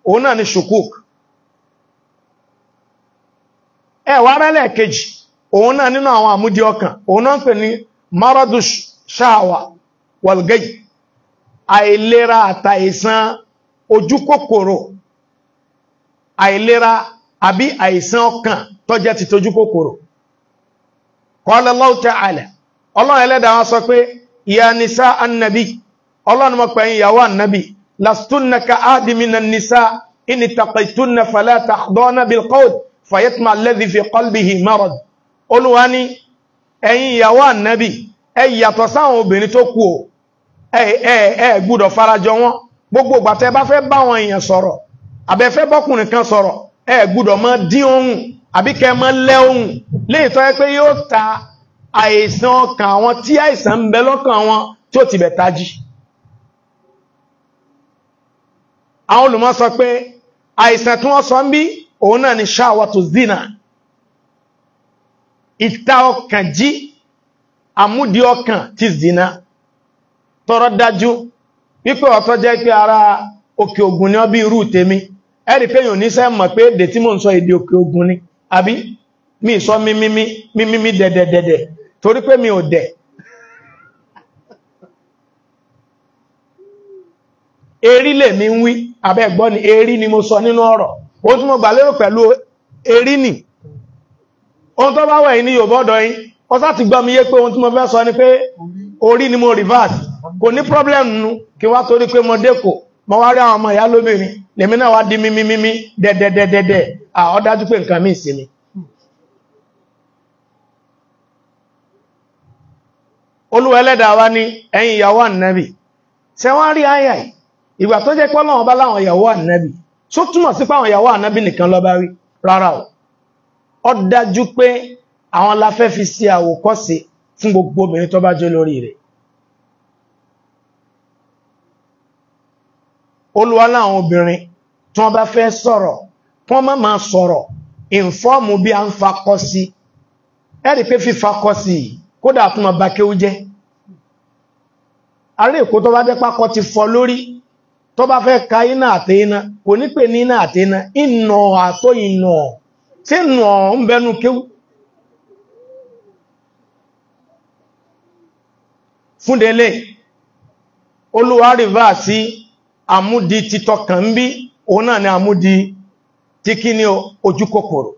òun náà ni shukuk ẹ̀wà ẹlẹ́ẹ̀kejì òun náà nínú àwọn àmúdí ọkàn òun náà ń pè ní maradu shawa walgayi àìlera àtàìsàn ojú kòkòrò àìlera àbí àìsàn ọkàn tó jẹ́ ti tojú kòkòrò Qala Allahu ta'ala ọlọ́run ẹlẹ́dàá wọn sọ pé ya nisa annabi ọlọ́run mọ̀ pé ìyàwó annabi lastunna ka ahdi minan nisa in taqaytunna fala takhdana bil qawl fayatma alladhi fi qalbihi marad olúwa ní ẹ̀yin ìyàwó annabi ẹ yàtọ̀ sáwọn obìnrin tó kù o ẹ gbúdọ̀ farajọ wọn gbogbo ìgbà tẹ́ bá fẹ́ bá wọn èèyàn sọ̀rọ̀ àbẹ́fẹ́ bọ́kùnrin kan sọ̀rọ̀ ẹ gbúdọ̀ máa dín ohùn àbí kẹmọ́ lẹ́hùn lè tọ́ ẹ pé yóò ta àìsàn ọkàn wọn tí àìsàn ń bẹ lọ́kàn wọn tí ó ti bẹ̀ tají àwọn olùmọ̀ sọ pé àìsàn tí wọ́n sọ ń bí òun náà ni ṣáwàtò zina ìta ọkàn jí àmúdí ọkàn ti zina tọrọ dájú wípé ọ̀tọ́ jẹ́ pé ara òkè ògùn ni ọ bí irú tèmi ẹ̀rì pé yìí ò ní sẹ́ mọ̀ pé èdè tí mò ń sọ èdè òkè ògùn ni àbí mi sọ mímímí dẹ̀dẹ̀dẹ̀dẹ̀ torí pé mi ò dẹ̀ erí lè mi ń wí abẹ́gbọ́ ni erí ni mo sọ nínú ọ̀rọ̀ ó tún mọ́ gbà lérò pẹ̀lú erí nì ohun tó bá wẹ̀ ní yòbọ́dọ̀ yín ó sá ti gbọ́ mi yé pé ohun tí mo fẹ́ sọ ni pé orí ni mo reverse kò ní problem nu kí wá torí pé mo dẹ́kọ̀ọ́ mo wá rí àwọn ọmọ ìyá lóbìnrin lèmi náà wá di mímí mímí dẹ́dẹ́dẹ́dẹ́dẹ́ ó dájú pé nǹkan míì sí ni olúwa ẹlẹ́dàá wá ní ẹ̀yin ìyàwó ànábì ṣé wọ́n rí àyà yìí ìgbà tó jẹ́ pé ọlọ́run bá láwọn ìyàwó ànábì tó túmọ̀ sí fáwọn ìyàwó ànábì nìkan olúwa láwọn obìnrin tí wọ́n bá fẹ́ kí wọ́n má máa sọ̀rọ̀ ìfọ́ọ̀mù bí a ń fakọ sí ẹ̀rí pé fífakọ sí kódà tún ma bá kéwú jẹ́ ará èkó tó bá jẹ́ pákọ ti fọ lórí tó bá fẹ́ ka iná àti iná kò ní pè ní iná àti iná iná àtó iná tí nà ń bẹnu kéwú fúndélé olúwa si, àmúdi títọ́ kan bí òun náà ni àmúdi tí kí ni ojúkòkòrò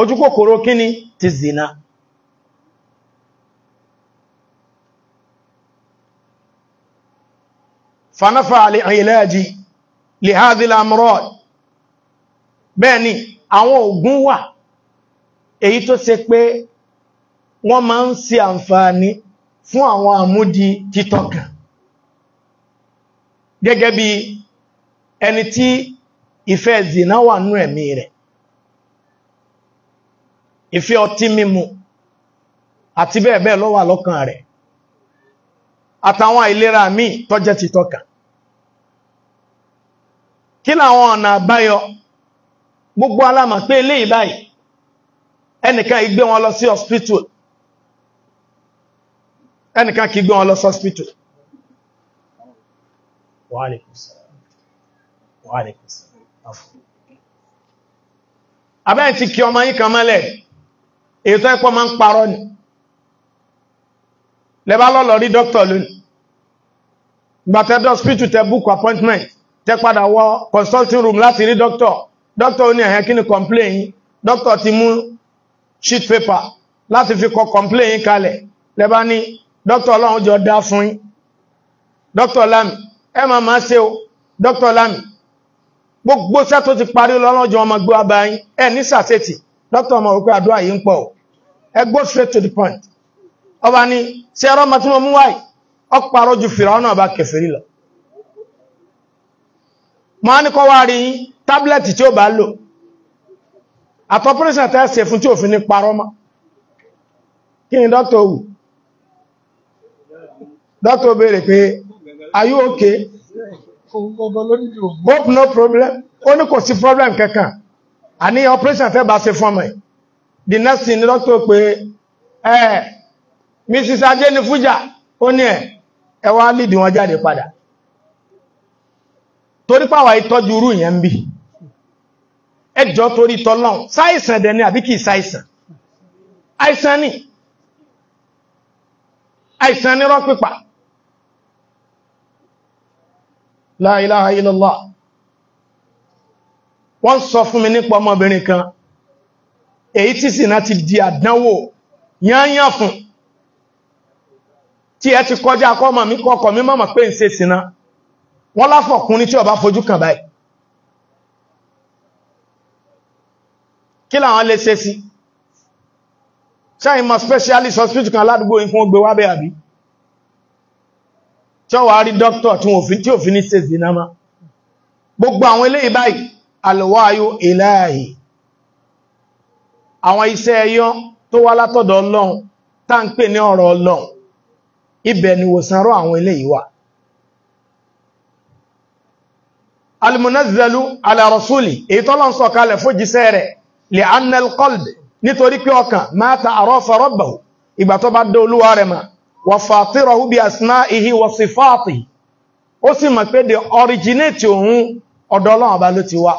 ojúkòkòrò kí ni ti zina fanafa alìláàjì lihadil amurad bẹ́ẹ̀ ni àwọn ogun wà èyí tó se pé wọ́n máa ń ṣe àǹfààní fún àwọn àmúdi títọ́ kan gẹ́gẹ́ bí ẹni tí ìfẹ́ zina wà nú ẹ̀mí rẹ̀ ìfẹ́ ọtí mímu àti bẹ́ẹ̀ bẹ́ẹ̀ ló wà lọ́kàn rẹ̀ àtàwọn àìlera míì tọ́jẹ́ ti tọ́ka kí làwọn gbogbo alámà pé eléyìí báyìí ẹnìkan ìgbé wọn lọ sí hospital ẹnìkan kì gbé وعليكم السلام وعليكم السلام abẹ́ ti kí ọmọ yín kan mọ́lẹ̀ ètò ẹ̀pọ̀ máa ń parọ́ ni lẹ́bá lọ́lọ́ rí dókítà lónìí gbàtẹ́ dọ́spítù tẹ book appointment tẹ padà wọ consulting room láti rí dókítà dókítà ó ní ẹ̀hẹ́ kí ni complain yín dókítà ti mú sheet paper láti fi kọ complain yín kalẹ̀ lẹ́bá ní dókítà ọlọ́run jọ dá fún yín dókítà lámì ẹ ma ma ṣe o Dr. Lami gbogbo sẹ́ tó ti parí lọ́lọ́jọ́ ọmọ gbọ́ abáyín ẹ ní sàṣẹ́tì Dr. ọmọ òkú àdúrà yìí ń ẹ straight to the point ọba ni ṣe ẹ̀rọ ọmọ tí mo mú wáyìí ọparọ́ ju ọba lọ ma ní kọ́ wá rí yín tábìlẹ̀tì tí ó bá lò fún tí òfin ní parọ́ mọ́ kí ni pé Are you okay? Hope no problem. Ó ní kò problem problem kankan. Àní operation fẹ́ bá ṣe fún ọmọ The next thing doctor pe eh, ẹ Mrs. Adenifuja ó ní ẹ̀ eh, ẹ wá lead wọn jáde padà. tori pàwà ìtọ́jú irú yẹn bi. bì. tori torí tọ́lọ́hùn. Sáìsàn dẹ̀ ni abiki kìí sáìsàn. Àìsàn ni. Àìsàn ni rọ́ pípa. la ilaha illallah wọ́n sọ fún mi nípa ọmọbìnrin kan èyí tí sì náà ti di àdánwò yányán fún tí ẹ ti kọjá akọ́mọ̀ mi kọ́kọ́ mi mọ́mọ̀ pé ń ṣe sínà wọ́n láfọ̀kúnrin tí ó bá fojú kàn báyìí kí làwọn lè ṣe sí ṣáyìn mọ̀ specialist hospital kan ládùúgbò yìí fún ó àbí tí ó wà rí dókítọ̀ tí wọ́n fi tí ò fi ní ṣe zina ma gbogbo àwọn eléyìí báyìí alwayo ilahi àwọn iṣẹ́ ẹyọ tó wá látọ̀dọ̀ ọlọ́run tá ń pè ní ọ̀rọ̀ ọlọ́run ibẹ̀ ni wòsàn rọ̀ àwọn eléyìí wà almunazzalu ala rasuli èyí tọ́lọ́n sọ kalẹ̀ fójíṣẹ́ rẹ̀ li annal qalb nítorí pé ọkàn máa ta àrọ́fà ìgbà tó bá dé olúwa rẹ̀ máa wà fàtírọ̀hú bí àsìná ihí wà sí fàtì ó sì mọ̀ pé the originate òun ọ̀dọ̀ ọlọ́run ọba ló ti wá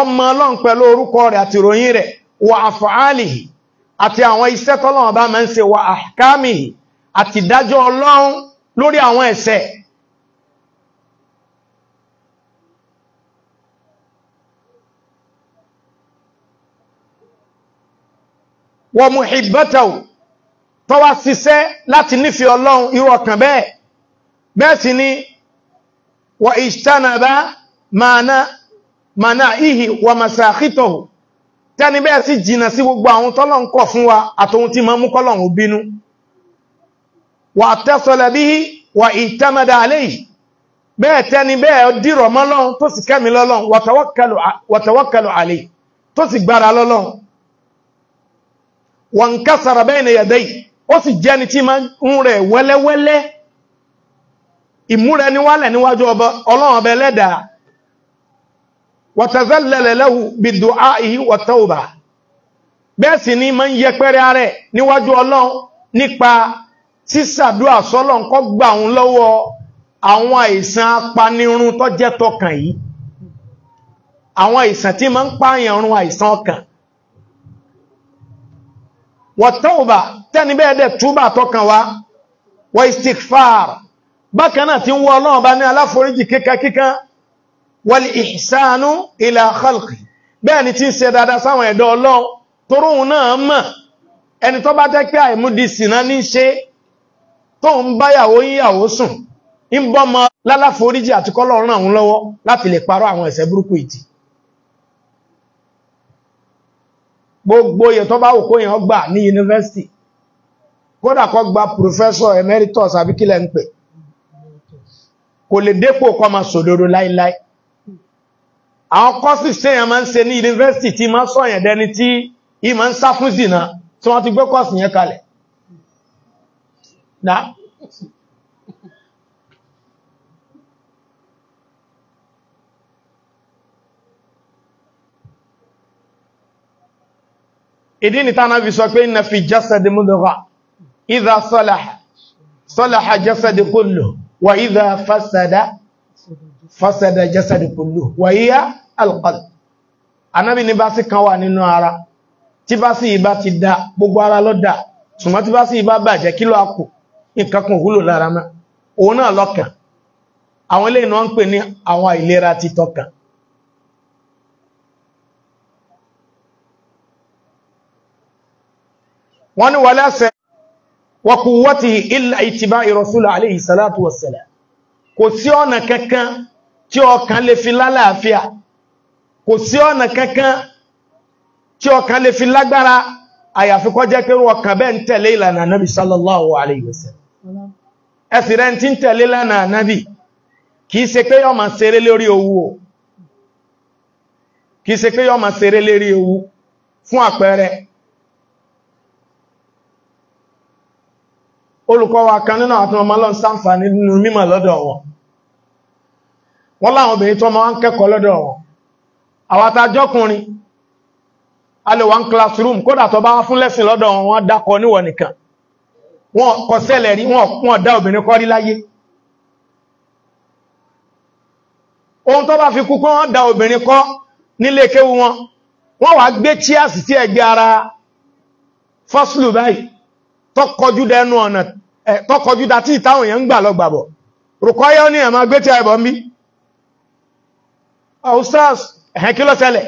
ọmọ ọlọ́run pẹ̀lú orúkọ rẹ̀ àti ìròyìn rẹ̀ wà àfàálìhì àti àwọn iṣẹ́ tọ́lọ́run ọba tó wá ṣiṣẹ́ láti nífẹ̀ẹ́ ọlọ́run irú ọkàn bẹ́ẹ̀ bẹ́ẹ̀ sì ni wà ìṣtánàbá màánà ìhì wà màsàkítọ̀hù tẹ́ni bẹ́ẹ̀ sì jìnà sí gbogbo àwọn tọ́lọ́n kọ̀ fún wa àtòhun tí ma mú kọ́lọ̀n kásàrà bẹ́ẹ̀ ni yàdẹ́yìí ó sì jẹ́ ni tí máa ń rẹ̀ wẹ́lẹ́wẹ́lẹ́ ìmúra ẹni wálẹ̀ níwájú ọlọ́run ọbẹ̀ lẹ́dàá wọ̀tẹ̀zẹ́lẹ̀lẹ̀ lẹ́hu bí dùá ìhí wọ̀tọ́ọ̀bà bẹ́ẹ̀ sì ni máa ń yẹpẹrẹ ara ẹ̀ níwájú ọlọ́run nípa sísàdúà sọ́lọ́run kó gbà òun lọ́wọ́ àwọn àìsàn apanirun tó jẹ́ tọkàn wọ̀tọ́ọ̀bà tẹ́ni bẹ́ẹ̀dẹ̀ túbà tọ́kàn wá wọ istighfar bákaná tí ń wọ́ ọlọ́run bá ní aláforíjì kíkà kíkà wal ihsanu ila khalqi bẹ́ẹ̀ni tí ń ṣe dada sáwọn ẹ̀dọ́ ọlọ́run torún náà mọ̀ ẹni tó bá tẹ́ gbogbo yẹ tó bá òkó yẹn gbà ní yunifásitì gba professor emeritus àbí kílẹ̀ ń pè kò lè dépò kó máa sòdodo láíláí àwọn courses tí máa ń ṣe ní yunifásitì tí máa dẹni tí ì máa ń sá fún tí wọ́n ti gbé ìdí ni tánà fi sọ pé inna fi jásẹ̀dì mudgha idha salaha salaha jásẹ̀dì kullu wa idha fasada fasada jásẹ̀dì kullu wa hiya alqalb anábi ní bá sí kan wà nínú ara tí bá sí ìbá ti dá gbogbo ara ló dá ṣùgbọ́n tí bá sí ìbá bàjẹ́ kí ló àkù nǹkan kan lára mọ́ òun náà lọ́kàn àwọn eléyìí náà ń pè ní àwọn àìlera ti tọkàn wọ́n ní wala sa wa quwwatihi illa ittiba'i rasul alayhi salatu wassalam kò sí ọ̀nà kankan tí ọkàn lè fi lálàáfíà kò sí ọ̀nà kankan tí ọkàn lè fi lágbára àyàfi kó jẹ́ pé ọkàn bẹ́ẹ̀ ń tẹ̀lé ìlànà nabi sallallahu fún àpẹẹrẹ olùkọ́ wa kan nínú àtún ọmọ lọ́n sáǹfà nínú mímọ̀ lọ́dọ̀ wọn wọ́n láwọn obìnrin tó máa ń kẹ́kọ̀ọ́ lọ́dọ̀ wọn àwátajọ́kùnrin a lè wà ń classroom kódà bá fún lẹ́sìn lọ́dọ̀ wọn wọ́n dákọ níwọ̀ nìkan wọ́n kọ sẹ́lẹ̀ rí wọ́n dá obìnrin kọ́ rí láyé ohun wọn wọ́n gbé tí ara báyìí tọ́kọjú dẹnu ọ̀nà tọ́kọjú dá tí ìtàwọn èèyàn ń gbà lọ gbàbọ̀ rùkọ́yọ́ ní ẹ̀mà gbé tí ẹbọ̀ ń bí ustaz ẹ̀hẹ́ kí ló ṣẹlẹ̀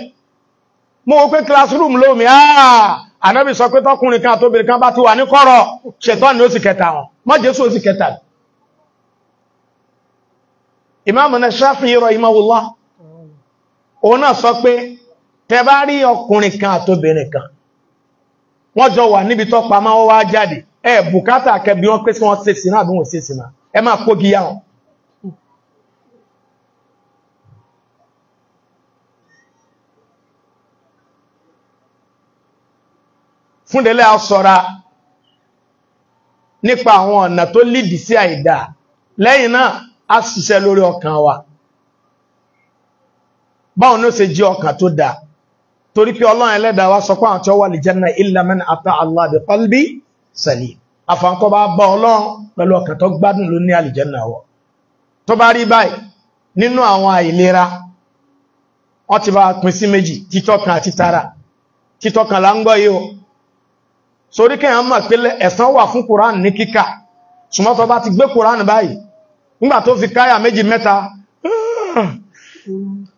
mú o pé classroom lómi àà ah, ànábì sọ pé tọkùnrin kan àtóbìnrin kan bá ti wà ní kọ̀rọ̀ ṣètọ́n ni ó sì kẹta wọn mọ́ jésù ó sì kẹta ìmáàmù náà wọ́n jọ wà níbi tó pamọ́ wọ́n wá jáde ẹ bùkátà kẹbí wọ́n pé sí wọ́n ṣe sínú àbí wọ́n ṣe ẹ máa kó gíyà wọn fúndẹ̀lẹ́ asọ́ra nípa àwọn ọ̀nà tó lìdì sí àìdá lẹ́yìn náà a ṣiṣẹ́ lórí ọkàn wa báwọn ní ó ṣe jí ọkàn tó dáa torí pé ọlọ́run ẹlẹ́dàá wá sọ pé àwọn tí ó wà lè jẹ́ náà illa man ata Allah bi qalbi salim àfàǹkọ́ bá bá ọlọ́run pẹ̀lú ọkàn tó gbádùn ló ní àlìjẹ́nà wọ tó bá rí báyìí nínú àwọn àìlera wọ́n ti bá pín sí méjì títọ́kan àti tara títọ́kan là ń gbọ́ yìí o sórí kẹ́yàn mọ̀ pé ẹ̀san wà fún Quran ní kíkà ṣùgbọ́n tó bá ti gbé Quran báyìí nígbà tó fi káyà méjì mẹ́ta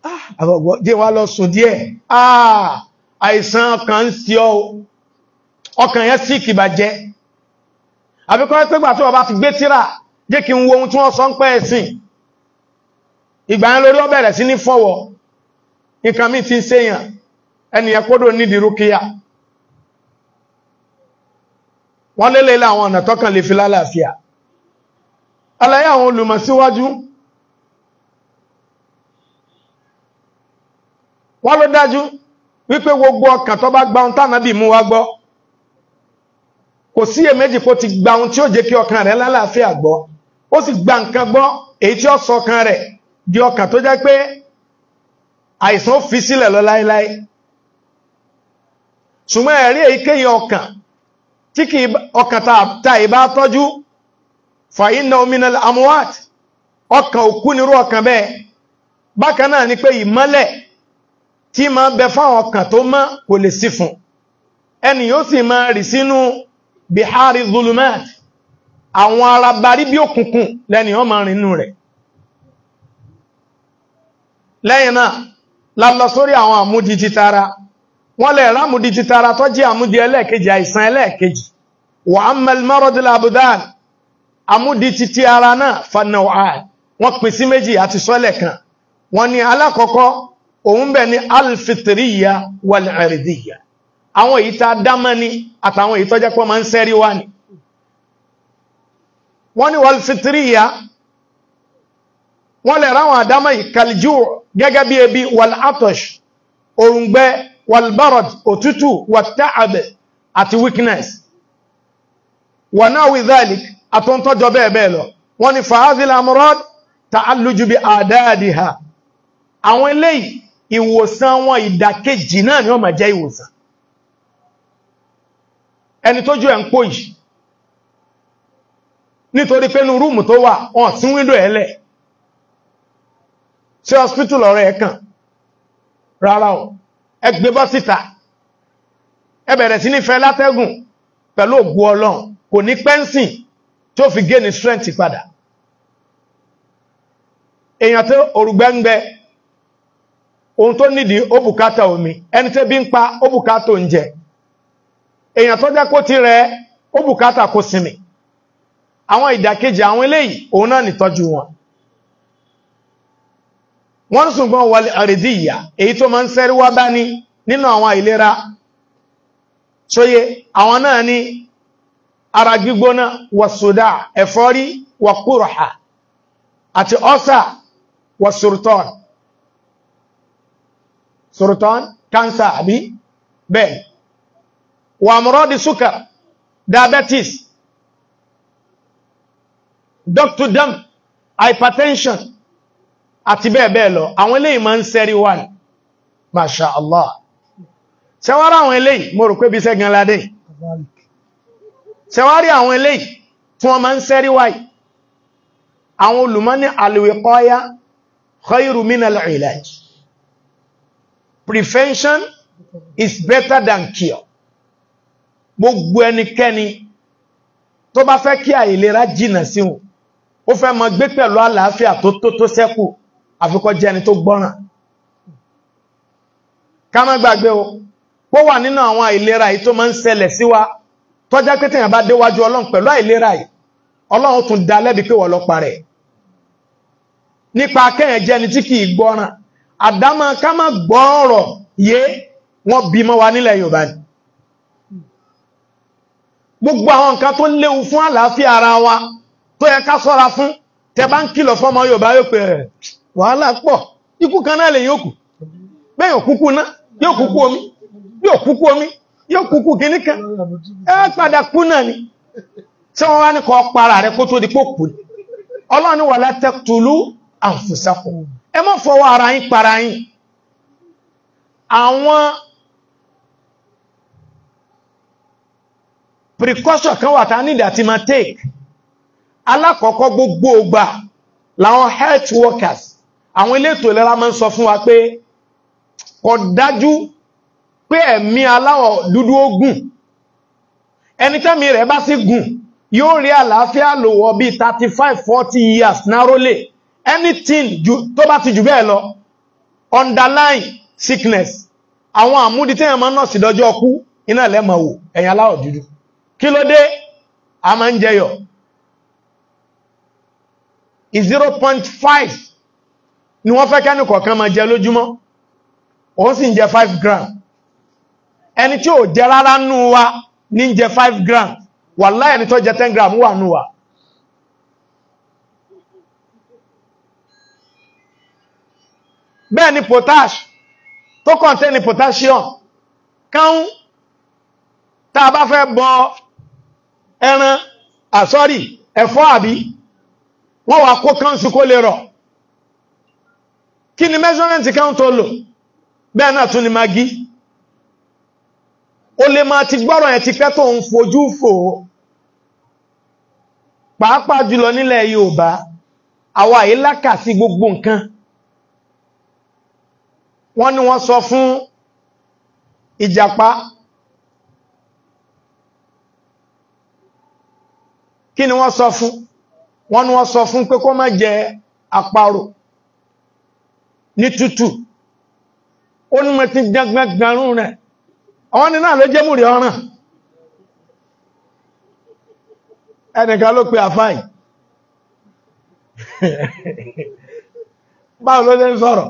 Ah. àwọn ọ̀gbọ́n jẹ́ wá lọ sùn díẹ̀ ah, àìsàn ọkàn ń sí ọ ọkàn yẹn sí kìbà jẹ́ àbíkọ́ pé gbà tó ọba ti gbé tíra jẹ́ kí n wo ohun tí wọ́n sọ ń pẹ́ ẹ̀sìn ìgbà yẹn lórí ó bẹ̀rẹ̀ sí ní fọ́wọ́ nǹkan mi ti ń séyàn ẹnìyàn kódò nídìí rúkíyà wọ́n lélẹ̀ láwọn ọ̀nà tọ́kàn lè fi lálàáfíà àlàyé àwọn olùmọ̀ síwájú wọ́n ló dájú wípé gbogbo ọkàn tó bá gba ohun tánàbì mú wá gbọ́ kò sí èméjì kó ti gba ohun tí ó jẹ́ kí ọkàn rẹ̀ lálàáfíà gbọ́ ó sì gba nǹkan gbọ́ èyí tí ó sọ ọkàn rẹ̀ di ọkàn tó jẹ́ pé àìsàn ó fi sílẹ̀ lọ láéláé ṣùgbọ́n ẹ̀rí èyíkéyìí ọkàn tí kì í ọkàn ta ìbá tọ́jú omi ominal amuwat ọkàn òkú nírú ọkàn bẹ́ẹ̀ bákan náà ni pé ìmọ́lẹ̀ tí ma bẹ fáwọn kan tó mọ́ kò lè sí fún ẹni yóò sì ma rì sínú bihari zulumat àwọn ara barí bí òkùnkùn lẹ́ni wọ́n ma rìn inú rẹ̀ lẹ́yìn náà lálọ sórí àwọn àmúdi títara wọ́n lè rámúdi títara tó jẹ́ àmúdi ẹlẹ́ẹ̀kejì àìsàn ẹlẹ́ẹ̀kejì wà á mẹ́lmọ́rọ̀dìlà àbúdáàn àmúdi títí ara náà fanáwà wọ́n pín méjì àti sọ́lẹ̀ kan wọ́n ní alákọ̀ọ́kọ́ òun bẹ̀ ni alfitriya wal-ardiya àwọn èyí tá dámọ́ ni àtàwọn èyí tó jẹ́ pọ́ ma ń sẹ́rí wá ni wọ́n ni wal wọ́n lè ráwọn àdámọ́ ìkàljú gẹ́gẹ́ bí ebi wal-atash òrùngbẹ́ wal-barad òtútù wat àti weakness wa nahwi dhalik àtúntọ́jọ bẹ́ẹ̀ bẹ́ẹ̀ lọ wọ́n ni fa'adhil amurad ta'alluju bi adadiha àwọn eléyìí ìwòsàn wọn ìdàkejì náà ni wọ́n máa jẹ́ ìwòsàn ẹni tójú ẹ̀ ń pò yìí nítorí pé inú rúùmù tó wà wọn sí wíńdò ẹ̀lẹ̀ sí hospital ọ̀rẹ́ ẹ̀kàn rárá o ẹgbẹ́ bọ́ síta ẹ bẹ̀rẹ̀ sí ní fẹ́ látẹ́gùn pẹ̀lú ògbó ọlọ́run kò ní pẹ́ńsìn tó fi gé ní strength padà èèyàn tó òrùgbẹ́ngbẹ́ ohun tó nídìí o omi ẹni tẹ́ bí ń pa ó oúnjẹ èèyàn tó jẹ́ kó ti rẹ̀ ó kó sinmi àwọn ìdàkejì àwọn eléyìí òun náà nìtọ́jú wọn wọ́n ṣùgbọ́n wọlé àrídí ìyà èyí tó máa ń sẹ́rí wá bá ní nínú àwọn àìlera ṣóyé àwọn náà ní ara gbígbóná àti sorotan cancer àbí bẹ́ẹ̀ wà mọ́rọ́dì sugar diabetes doctor dam hypertension àti bẹ́ẹ̀ bẹ́ẹ̀ lọ àwọn eléyìí máa ń sẹ́rí wà ní masha Allah ṣẹwárí àwọn eléyìí mo rò pé bí sẹ́gan ládé ṣẹwárí àwọn eléyìí tí wọ́n máa ń sẹ́rí wà yìí àwọn olùmọ́ ní alwiqaya khairu min al-ilaj prevention is better than cure gbogbo ẹnikẹ́ni tó bá fẹ́ kí àìlera jìnà sí wọn ó fẹ́ mọ gbé pẹ̀lú àlàáfíà tó tó tó sẹ́kù àfikọ́ jẹ́ ẹni tó gbọ́ràn ká má gbàgbé o ó wà nínú àwọn àìlera yìí tó máa ń ṣẹlẹ̀ sí wa tó jẹ́ pé tèèyàn bá déwájú ọlọ́run pẹ̀lú àìlera yìí ọlọ́run tún dá lẹ́bi pé wọ́n lọ parẹ́ nípa akẹ́yàn jẹ́ ẹni tí kì gbọ́ràn àdámà ká má gbọ́ ọ̀rọ̀ yé wọ́n bí mọ́ wa nílẹ̀ Yorùbá gbogbo àwọn nǹkan tó léwu fún àlàáfíà ara wa tó yẹ ká sọ́ra fún tẹ bá ń kìlọ̀ fọ́mọ Yorùbá yóò pé ẹ̀ eh, wàhálà pọ̀ ikú kan náà lè yóò kù bẹ́ẹ̀ ná yóò kúkú omi yóò kúkú omi yóò kúkú kìíní kan ẹ padà kú ẹ má fọwọ́ ara yín para yín àwọn precaution kan wà tá nídà ma take alákọ̀ọ́kọ́ gbogbo ògbà láwọn health workers àwọn elétò ìlera máa ń sọ fún wa pé kò dájú pé ẹ̀mí aláwọ̀ dúdú ó gùn ẹni tẹ́mi rẹ̀ bá sì gùn yóò rí àlàáfíà lò wọ́ 35 40 years narrowly anything tó bá ti jù bẹ́ẹ̀ lọ underlying sickness àwọn àmúdi tí ẹ̀mọ́ náà sì dọjọ́ ọkú iná lẹ́mọ̀ wò ẹ̀yìn aláwọ̀ dúdú kí ló dé a máa ń jẹyọ̀ 0.5 ni wọ́n fẹ́ kẹ́ni kọ̀ọ̀kan máa jẹ lójúmọ́ òun sì ń jẹ 5 gram ẹni tí ò jẹ rárá nù wa ní jẹ 5 gram wàláhì ẹni tó jẹ 10 gram wà nù wa bẹ́ẹ̀ ni potash tó ni potassium káún tá a bá fẹ́ bọ ẹran àsọ́rì ẹ̀fọ́ àbí wọ́n wà kó kán sí kó lè rọ̀ kí ni measurement káún tó lò bẹ́ẹ̀ náà tún ni magi o lè máa ti gbọ́rọ̀ ẹ̀ ti pẹ́ tó ń fojú fò pàápàá jùlọ nílẹ̀ Yorùbá àwa àyílákà sí gbogbo nǹkan wọ́n ni wọ́n sọ fún ìjàpá kí ni wọ́n sọ fún wọ́n ní wọ́n sọ fún pé kó má jẹ àparò ní tútù ó ní mẹ́ ti gbẹ̀gbẹ̀rún rẹ̀ àwọn ni náà ló jẹ́ múrí ọ̀ràn ẹnìkan ló pe àfáì [laughs] báwo ló lè ń sọ̀rọ̀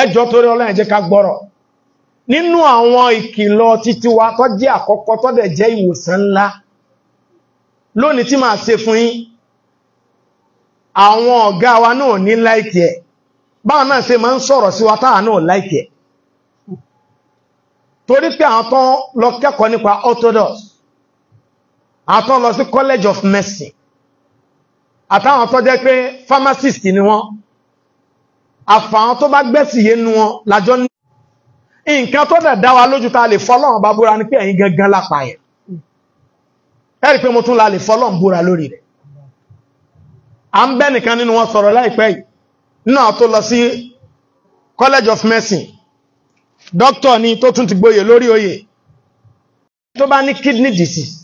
ẹjọ́ torí Ọlọ́run ẹ jẹ́ ká gbọ́rọ̀ nínú àwọn ìkìlọ̀ títí wa tó jẹ́ àkọ́kọ́ tó jẹ́ ìwòsàn ńlá lónìí tí máa ṣe fún yín àwọn ọ̀gá wa náà ní láìkì ẹ̀ báwọn náà ṣe máa ń sọ̀rọ̀ sí wa táwa náà láìkì ẹ̀ torí pé àwọn tó lọ kẹ́kọ̀ọ́ nípa orthodox àtọ́ lọ sí college of medicine àtàwọn tó pé pharmacist ni wọ́n àfàwọn tó bá gbẹ́sì yé nu wọn lájọ́ ní nǹkan tó dẹ̀ dá wa lójú ta lè fọ́lọ́run bá búra ní pé ẹ̀yin gangan lápá yẹn ẹ̀rí pé mo tún la lè fọ́lọ́run búra lórí rẹ̀ à ń bẹ́ nìkan nínú wọn sọ̀rọ̀ láìpẹ́ yìí náà tó lọ sí College of Medicine doctor ni tó tún ti gboyè lórí oyè tó bá ní kidney disease